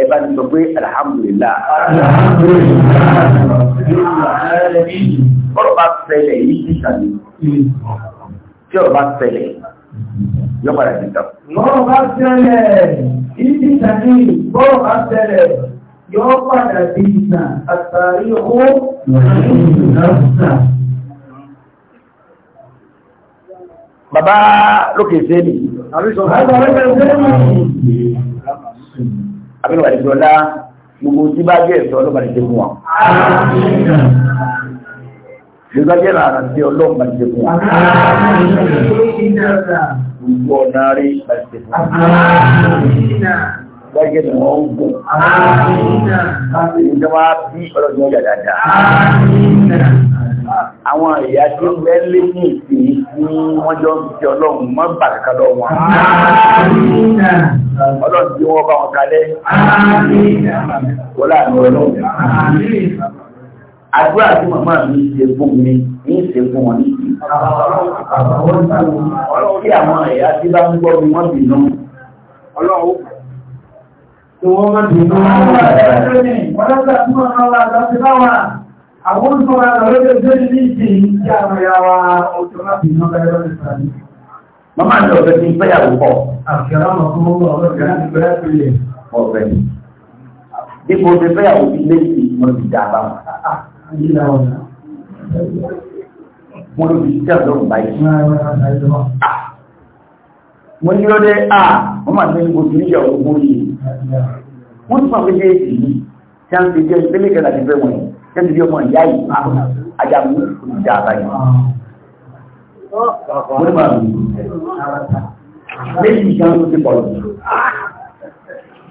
ẹ bá ń sọ pé alhamdulilayi. alhamdulilayi. bá fẹ́lẹ̀ yìí ti sàmì tí ọ̀rọ̀ bá tẹ̀lẹ̀ yọ padà sí ìtàn. lọ́rọ̀
bá tẹ̀lẹ̀
ìdí ìtàní bọ́ọ̀ bá tẹ̀lẹ̀ yọ padà sí ìtàn àtàrí owó Bàbá lókè sẹ́lì. Àbínú àdìsọ́lá gbogbo tí bá jẹ́ ẹ̀sọ́ ló bá lè dé fún wọn. Ìgbàjẹ́ra àti ọlọ́run bá jẹ fún gbogbo ọ̀nà rí bá jẹ fún Gbàjẹ́ ni wọ́n ń gùn. Káàkiri ìjọba bí ọlọ́jọ́ yà dáadáa. Àwọn ìyá tí ó bẹ́ lé ní ìsìn ní wọ́n jọ ń fi ọlọ́run mọ́ bà kàkà wọn. Ọlọ́run tí wọ́n bá wọn kalẹ̀. Wọ́n láàrin ọlọ́run àdúrà tí màmá mi ṣe fún mi ní ṣe fún wọn nìyí. Ọlọ́run kí àwọn ẹ̀yà tí bá ń gbọ́ mi wọ́n bínú. Ọlọ́run tí wọ́n máa bínú. Àwọn tó wà lọ́rọ̀ tó ní ìdí ìdí àwọn ìyá wa ọjọ́ láti iná bẹ́rẹ̀ lọ́dẹ̀ sáré. Màmá ní ọ̀fẹ́ ti fẹ́yàwó pọ̀. Àfẹ́ràn ọ̀fún ọlọ́gbẹ̀ láti bẹ́rẹ̀ pẹ̀lẹ̀. Ọ̀fẹ́. Dípò ti fẹ́yàwó bí méjì mọ̀ ti dá bá wọn wọ́n ló fi tẹ́ ọ̀dọ́ báyìí wọ́n ní lọ́dẹ́ à wọ́n máa tẹ́ ìgbò tìrí ìyàwó gbogbo yìí wọ́n ti máa fẹ́jẹ́ èsì yìí tí a ń fi jẹ́ ìpínlẹ̀ kẹta ti fẹ́ wọ̀nyí tí a ti fi ọmọ ìyá yìí ajagun ìjà àbáyé wọ́n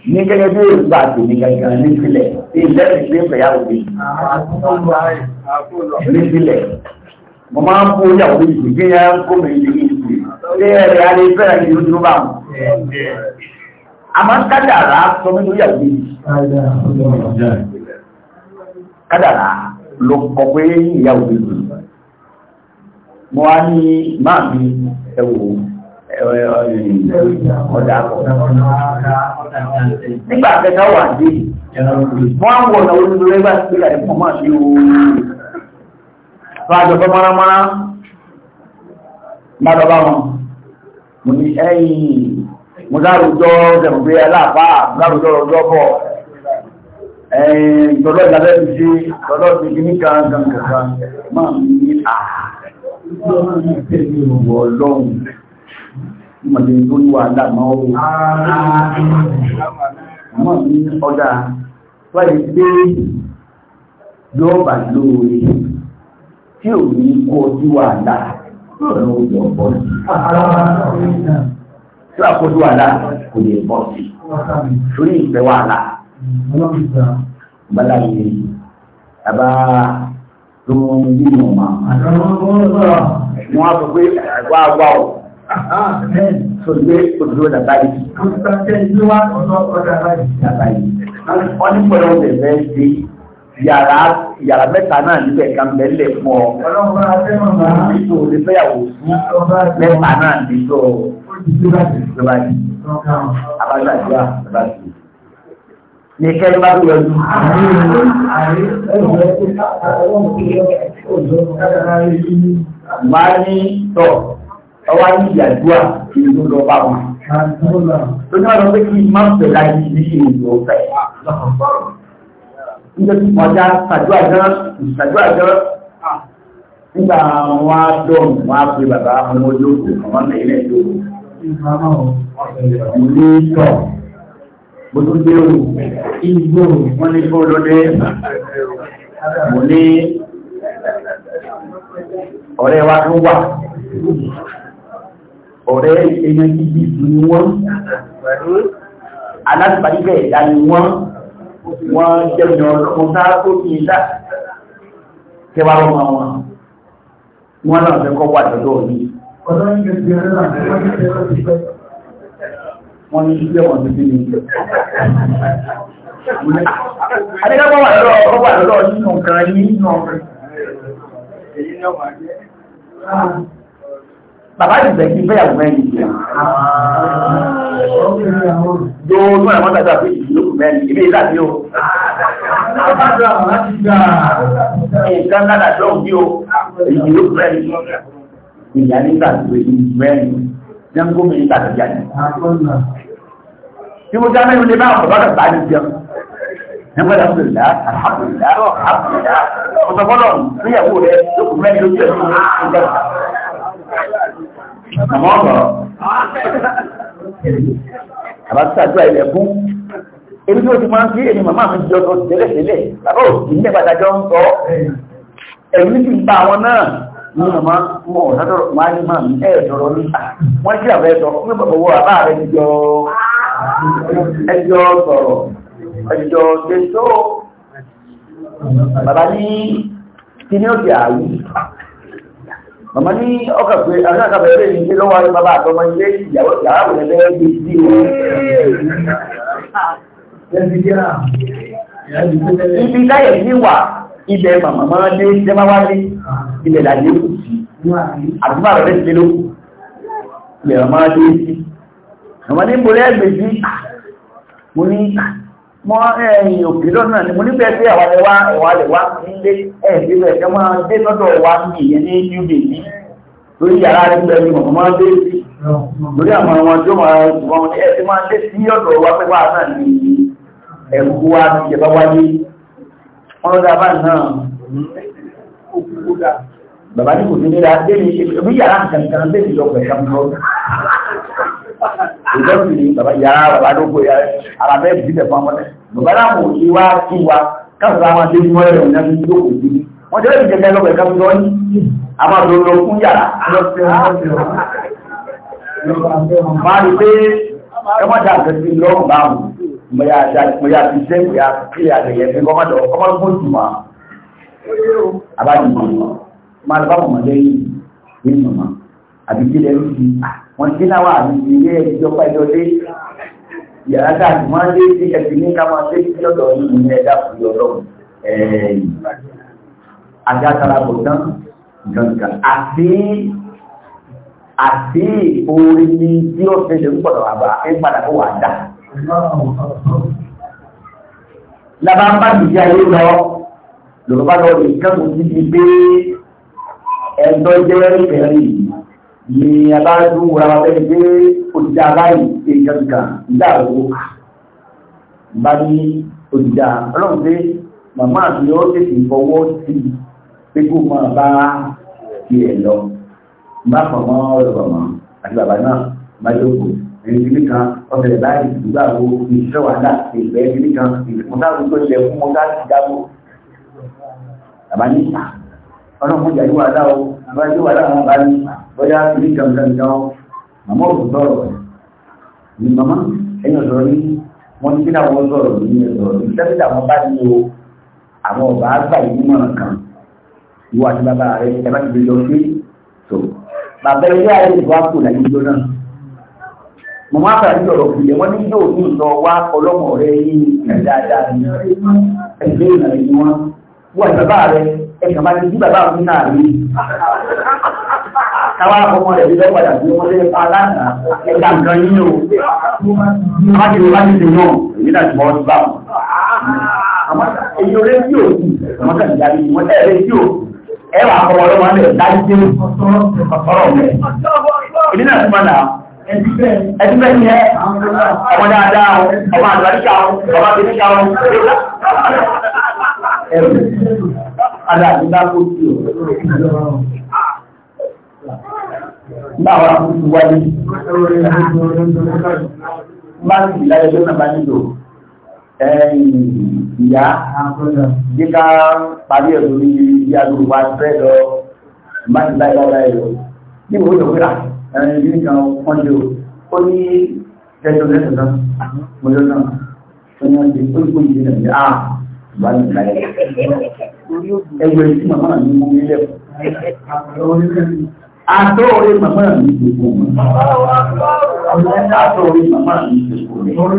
ní gẹ́gẹ́ bí olùgbà àti onígbàgbà ní sílẹ̀ tí lẹ́yìn pé fẹ̀yàwó mi. ní sílẹ̀ mo máa ń kó yàwó mi jù kí yẹn ń kó mi jù kí jù ṣé ẹ̀rẹ̀ alẹ́ fẹ́rẹ̀ ní ojú bá mu. àmọ́ kádàrá sọ mi ló yàwó mi. kádàrá ló kọ pé ìyàwó mi lò. mo wá ní máàmí ẹ̀wò ọ̀dà pọ̀.
Nígbà kẹta wà
dé, wọ́n ń wọ̀nà olúdúró bá ti gbéra ẹ̀fọ́ máa ṣe ooo. Fájọ fẹ́ mọ́rámọ́rá, bá lọ bá wọn. Mo ní ẹ̀yìn, mo dárúdọ́ dẹ̀mù pé aláàfáà, mo dárúdọ́ ọjọ́ bọ̀. Ẹ̀yìn tọ́lọ́ ìlàbẹ́ ti ṣe, tọ́lọ́ ti ṣe ní kankan kankan, máa ń ní àà. Ah, Ọlọ́run ìmọ̀dé tó ní wà dáàmà ó mọ̀ ní ọjà wáyé pé yóò bà lóore tí ò ní kó ojú wà dáa lọ́nà ojú ọ̀pọ̀ sí. Tí wàá kójú wà dáa bọ́ sí. Sórí ìfẹ́ wà láà. Bala àbá tó ń bí mọ̀ máa. Wọ́n á sọ pé àgbà wà ó. Sọ̀gbé òdúró dàbá yìí. Dàbá yìí. Wọ́n ní pọ̀lọ́ ọ̀dẹ̀ fẹ́ ṣe yàrá yàrá mẹ́ta náà níbẹ̀ kan bẹ́lẹ̀ pọ̀. Ọlọ́run afẹ́ màmá. Ìjọ òde fẹ́yàwó sí mẹ́ta náà níjọ ìjọba yìí. Abájáde àbá sí. Ní kẹ́lí bá tó yọjú. Máa ní tọ̀ ọwọ́ ní ìyàdúrà kí ló lọ bá wọn. tó ní ọ̀rọ̀ pé kí n má pè láyé ní ìlú ọ̀fẹ́. nítorí ọjà ṣàdúrà gan ṣàdúrà gan nígbà wọn á dọ̀nù wọn á pe bàbá ọmọ olóògùn ọmọ mẹ́rin lóògùn.
ilé tọ̀
mo tún dé òun igbó wọn ní kó lóde mo ní ọ̀rẹ́ wa tó wà ọ̀rẹ́ èèyàn gidi ni wọ́n alátìparíbẹ̀ ẹ̀dá ni wọ́n wọ́n jẹ́mìnà ọ̀sá tó kí ìdá kẹwàá ọmọ wọn wọ́n náà fẹ́ kọ́ wà ní
wọ́n
bàbá ìgbẹ́ kí bẹ́yàwó mẹ́rin jẹ́ yóò ní àwọn tàbí àpé ìlúkù mẹ́rin ibi ìlàbí o nǹkan náà dàjọ́ bí o ìlúkù mẹ́rin ìyá nígbà tó èyí mẹ́rin jẹ́ńkó mi nígbà tó jáde tí mo já mẹ́rin lé máa bàbá bàbá ní jẹun Nígbà tó lè lá, àhàbùlá, àhàbùlá, ọ̀sọ̀gbọ́dọ̀ níyàwó rẹ̀ lókùn mẹ́rin lójú ẹ̀
àmọ́ ọ̀rọ̀ àbátútàdúrà
ilẹ̀ fún ebi tí ó ti máa ń kí èmi màmá mi jọ sọ tẹ́lẹ̀ tẹ́lẹ̀ bàbá ò sí nílẹ̀ padà jọ ń sọ ẹ̀mí ti ń bá àwọn náà ní màmá mọ̀ lọ́dọ̀ wọn á ní màmá mi ní wọ́n sí àbẹ́ sọ fún bàbá owó àbá rẹ̀ jọ ẹjọ́ sọ̀rọ̀ ẹjọ́ ṣe bàbá ní kí ni ó ti àwí màmá ní ọkà pé aláǹkà bẹ̀rẹ̀ ní ilé lọ́wọ́ ayé bàbá àtọmọ ilé ìyàwó yàrá wò lẹ́lẹ́ gbé sí i. ibi táyẹ̀ ní wà ilẹ̀ màmá máa dé jẹ́má wá dé ilẹ̀ làdé kù sí àdúgbà rẹ̀ ti ló ilẹ̀ màmá ní mo rẹ́ mọ eh, ẹ̀yìn òkè lọ́nà ni mo nífẹ̀ẹ́ sí àwọn ẹwà ẹwà lẹ̀wà nílé ẹ̀ẹ́dì rẹ̀ kẹ́ máa dé lọ́dọ̀ wa ní ìyẹn ní new baby lórí yàrá rẹ̀ pẹ̀lú mọ̀mọ́ máa dé sí lórí àwọn ọmọ tó máa
ìjọsìn ni bàbá yàrá bàbá
ló gbé yàrá ara bẹ́ẹ̀ bí bẹ̀ fún ọmọdé bàbá náà mò ń wá kí wa káfíńtà àwọn adé ní wọ́n rẹ̀ ní ẹni tó kò débi wọ́n jẹ́ ìjẹ́ kẹ́ lọ́bẹ̀ẹ́ káfíńtà wọ́n ní àwọn àdóńdó fún yàrá máa rí pé ẹ má dà nǹkan sí lọ́rùn bá mu mo yà dà mo yà fi jẹ́ mo yà kí àgbẹ̀yẹ fi kọ́ mọ́tò kọ́ mọ́tò fún ìtumọ̀ àbájú mọ̀ máa lọ bá mọ̀ mọ́ lẹ́yìn nínú mọ̀ àbí kí lẹ́yìn wọ́n ti náwà àti ilé ìjọba ìjọdé yàrá káàkiri máa ń lé sí ẹ̀sìn ní ká máa lé sí ọ̀dọ̀ nínú ní ẹ̀dá fúri ọlọ́run àgàtàrà kò tán gangan àti àti orí ni tí ó fi ṣe ń pọ̀dọ̀ àbá ń padà kó wà dá. Lábá ń bá ìdí ayé lọ, Yorùbá lọ rí kẹ́kọ̀ọ́ sí ti gbé ẹjọ́ jẹ́ rẹ̀rì yìí ni a bá dúnwòrá abẹ́rẹ́ pé òdìdá báyìí ṣe kankan dáàbò bá ní òdìdá ọlọ́run pé màmá àti ó tètè fọwọ́ sí pé kó máa bá tiẹ̀ lọ bá fọmọ ọlọ́pàá mọ́ àti bàbá náà bá jókòó ẹni kìíní kan ọ̀sẹ̀ báyìí ìgbà ìṣẹ́ wà dà ìgbẹ́ kìíní kan ìfúnná tó ṣẹlẹ̀ fún mọ́tà ti dáàbò bàbá ní ọlọ́run ìjà yìí wà dá àbájọ́ wà láwọn bá ní bọ́yá ní gangan màmá ò sọ̀rọ̀ ní màmá ẹ̀yìn ọ̀sọ̀rọ̀ ní wọ́n ti dá wọn sọ̀rọ̀ ní ẹ̀sọ̀rọ̀ ní sẹ́fíìsì àwọn bá ní o àwọn ọ̀bá àgbà yìí mọ̀ràn kan ìwọ àti bàbá rẹ ẹ bá ti lè lọ sí tó bàbá ilé ayé ìlú àpò láyé ìjọ náà màmá àgbà yìí ọ̀rọ̀ fìlẹ̀ wọ́n ní yóò ní ìlọ wá ọlọ́mọ rẹ yìí dáadáa ẹgbẹ́ ẹ̀kà bá ti jí bàbá òun náà rí
káwá ọmọ rẹ̀ lọ padà bí wọ́n lé aláǹdà ẹ̀ka nǹkan yín o wọ́n
ti lè bá ti sèyàn èyí náà ti mọ́ ọdún bá wọn. èyí ò rédíò wọn kàn já bí wọn tẹ̀ rédíò ẹ wà kọ́ ọlọ́wọ́ wọn lè dájú dé ọ̀sọ́rọ̀ rẹ̀ èyí náà ti máa nà bẹ́ẹ̀ ni ẹ ọmọ dáadáa ọmọ àgbàdìkà ọmọ àgbàdìkà padà nígbà tó ti o. Báwa kò ti wáyé. Máa ń ìlà ẹjọ́ náà bá nílò. Ìyá jẹ́ ká parí ẹ̀rọ ní ìyá ló wá bẹ́ẹ̀ lọ. Máa ń ìlà ẹjọ́ náà yọ. Ní ìwé òjò pé ẹ̀rìn ìlú kan wọ́n lè o. Ó ní ẹjọ́ lẹ́sẹ̀ náà. Mo yọ náà. Ó ní ọ̀sẹ̀ ó ní kò yí ní ẹ̀jẹ̀ àà. Máa ń ìlà ẹjọ́ ẹgbẹ́ tí màmá mi mú nílẹ̀ àtọ́ orí màmá mi gbogbo àtọ́ orí màmá mi gbogbo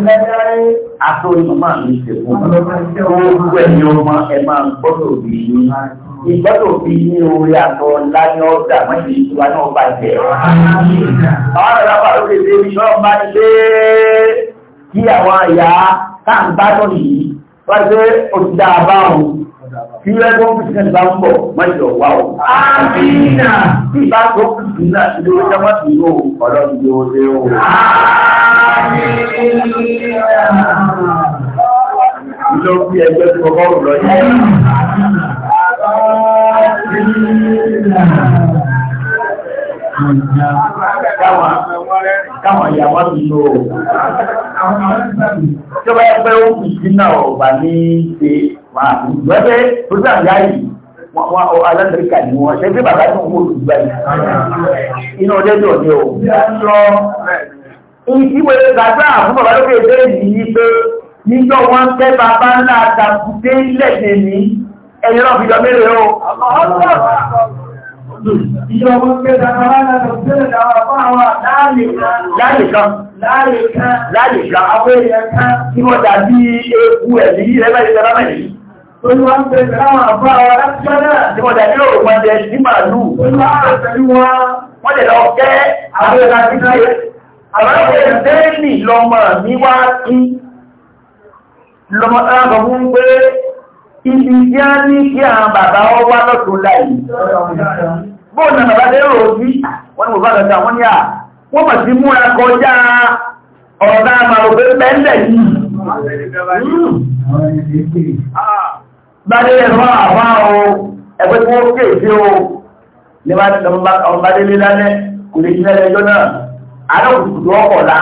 àtọ́ màmá mi gbogbo gbogbo bí ní orí àtọ́ láni ọ̀dà mọ́jì ìtura náà bàjẹ́ àwọn ọ̀rọ̀ àpàrọ̀ lè dé ní ọ̀bá ní pé kí àwọn àyà káà bá tọ́ yìí wọ́n ti pé òtítà àbáhùn Ìwé ẹgbẹ́ òkùnkùn bá ń bọ̀, mọ́jọ wà ó. Àmìnà. Tí ìbá tó kùnkùn náà ti ló jẹ́ mọ́ sí yóò ọ̀rọ̀ ní yóò o. Àmìnà. Ìjọ bí ẹgbẹ́ tó kọ́kọ́ rọ̀ yẹn.
Àmìnà àwọn ìyá
káwọn ìyàwó ọ̀bà ní ṣe máa fi ìgbẹ́ pé Rúdà ìyá yìí wọ́n ọ alágbèéká wọ́n ṣe bí bàbá tó ń wọ́n Iná ọdẹ dùn ní o. Ìdíwẹ̀ gbàgbà fún bàbá lókè dé yìí pé níjọ́ wọn tẹ́ bàbá ńlá àtàkùté lẹ́gbẹ̀ẹ́ mi ẹ̀yìn náà fi jọ mélòó.
Ìjọ wọn kẹta kọlá lọ́dọ̀
sílẹ̀ dáwà fún àwọn láàrìkan. Láàrìkan. Láàrìkan. Láàrìkan. Àwọn èèyàn kan tí wọ́n dàbí eku ẹ̀mí yìí rẹ̀ bẹ́ẹ̀ rẹ̀ bẹ́ẹ̀ Olúwa ń bẹ̀rẹ̀ láwọn àbá wa láti lọ́dọ̀ tí wọ́n dàbí òòrùn máa jẹ ní màálù. Olúwa ń bẹ̀rẹ̀ wọn. Wọ́n lè lọ kẹ́ àwọn ẹ̀ka sí káyé. Àwọn ẹ̀ka bẹ́ẹ̀ nì lọ́mọ mi wá kí. Lọ́mọ táwọn ọmọ ń gbé ibi tí a ní kí àwọn bàbá wọn wá lọ́tún láyé bóòlù náà bàbá lérò sí wọ́n ni mo bá gàdá wọ́n ni à wọ́n mọ̀ sí múra kọjá ọ̀rọ̀ náà máa rò pé pẹ́ńlẹ̀ yìí Gbádélé lọ àwá o, ẹgbẹ́ tí wọ́n kéè sí o, ní bá ti lọ gbádélé lálẹ́, kò lè jílẹ̀ ẹjọ́ náà, alákùnkùn tó ọkọ̀lá,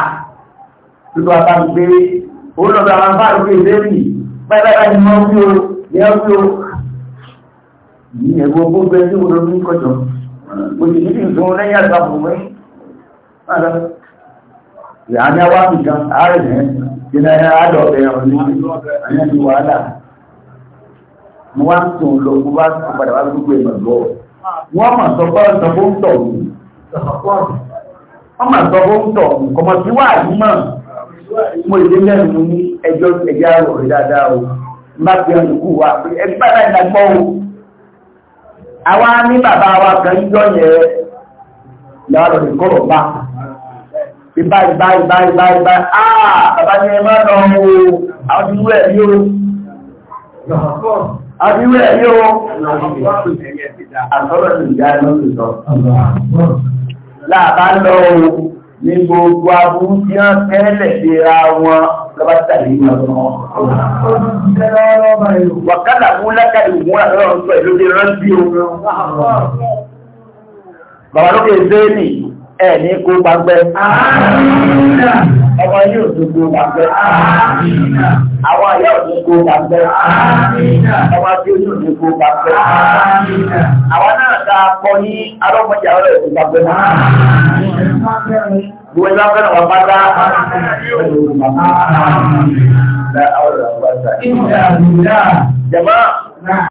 tuntun àbá ń gbé, ó lọ́gbà àwọn bá ń gbé ìlérí, pẹ́lẹ́pẹ́ ni wọ́n fi o, ni wọ́n fi o, ní ẹ̀gbọ́n gbogbo ẹgbẹ́ wọn lórí kọjọ òjì ní ìsìn wọn lẹ́yìn àgbà fún mi ara ìyá ní kan ààrẹ rẹ̀ ti náà yára àdọ̀ ọ̀bẹ̀ ọ̀rọ̀ ní àyẹ̀ ní wàhálà mo wá ń tún lọ mo bá tún padà wá gbogbo ìmọ̀ lọ wọ́n mà sọ pé ọ̀sán fún tọ̀ wọ́n mà sọ fún tọ̀ kọ̀mọ̀ sí wà ní mọ̀ mo lè dé lẹ́nu ní ẹjọ́ ẹ̀yà rọ̀ dáadáa o má fi ẹnu kú ẹgbẹ́ àwa ní bàbá wa kan yíyọ yẹn lọ́rọ̀ ní kọ́rọ̀ bá ti báyìí báyìí báyìí báyìí báyìí áà ah, bàbá ní ẹ máa lọ wo àdúrú ẹ̀ yóò àdúrú ẹ̀ yóò àtọ́rọ̀ ní ìjà ẹ̀ lọ́sùn sọ. láàbá lọ ní gbogbo abúrú tí wọ́n tẹ́lẹ̀ síra wọn lọ́ba ti tàbí ìmọ̀ Wàkàlà mú lákàlì mú àlọ́run sọ ìlú di rántí o. Bàbá lókè Zéènì ẹ̀ ní kó gbàgbẹ́. Ọmọ yóò tún kó gbàgbẹ́. Àwọn ayé ò kó gbàgbẹ́. Ọmọ tí ó tún tún kó gbàgbẹ́. Àwọn náà ta akọ ní arọ́mọdé àwọn ẹ̀ náà kuma za ka raba fata da aure da fata. Allah. Jama'a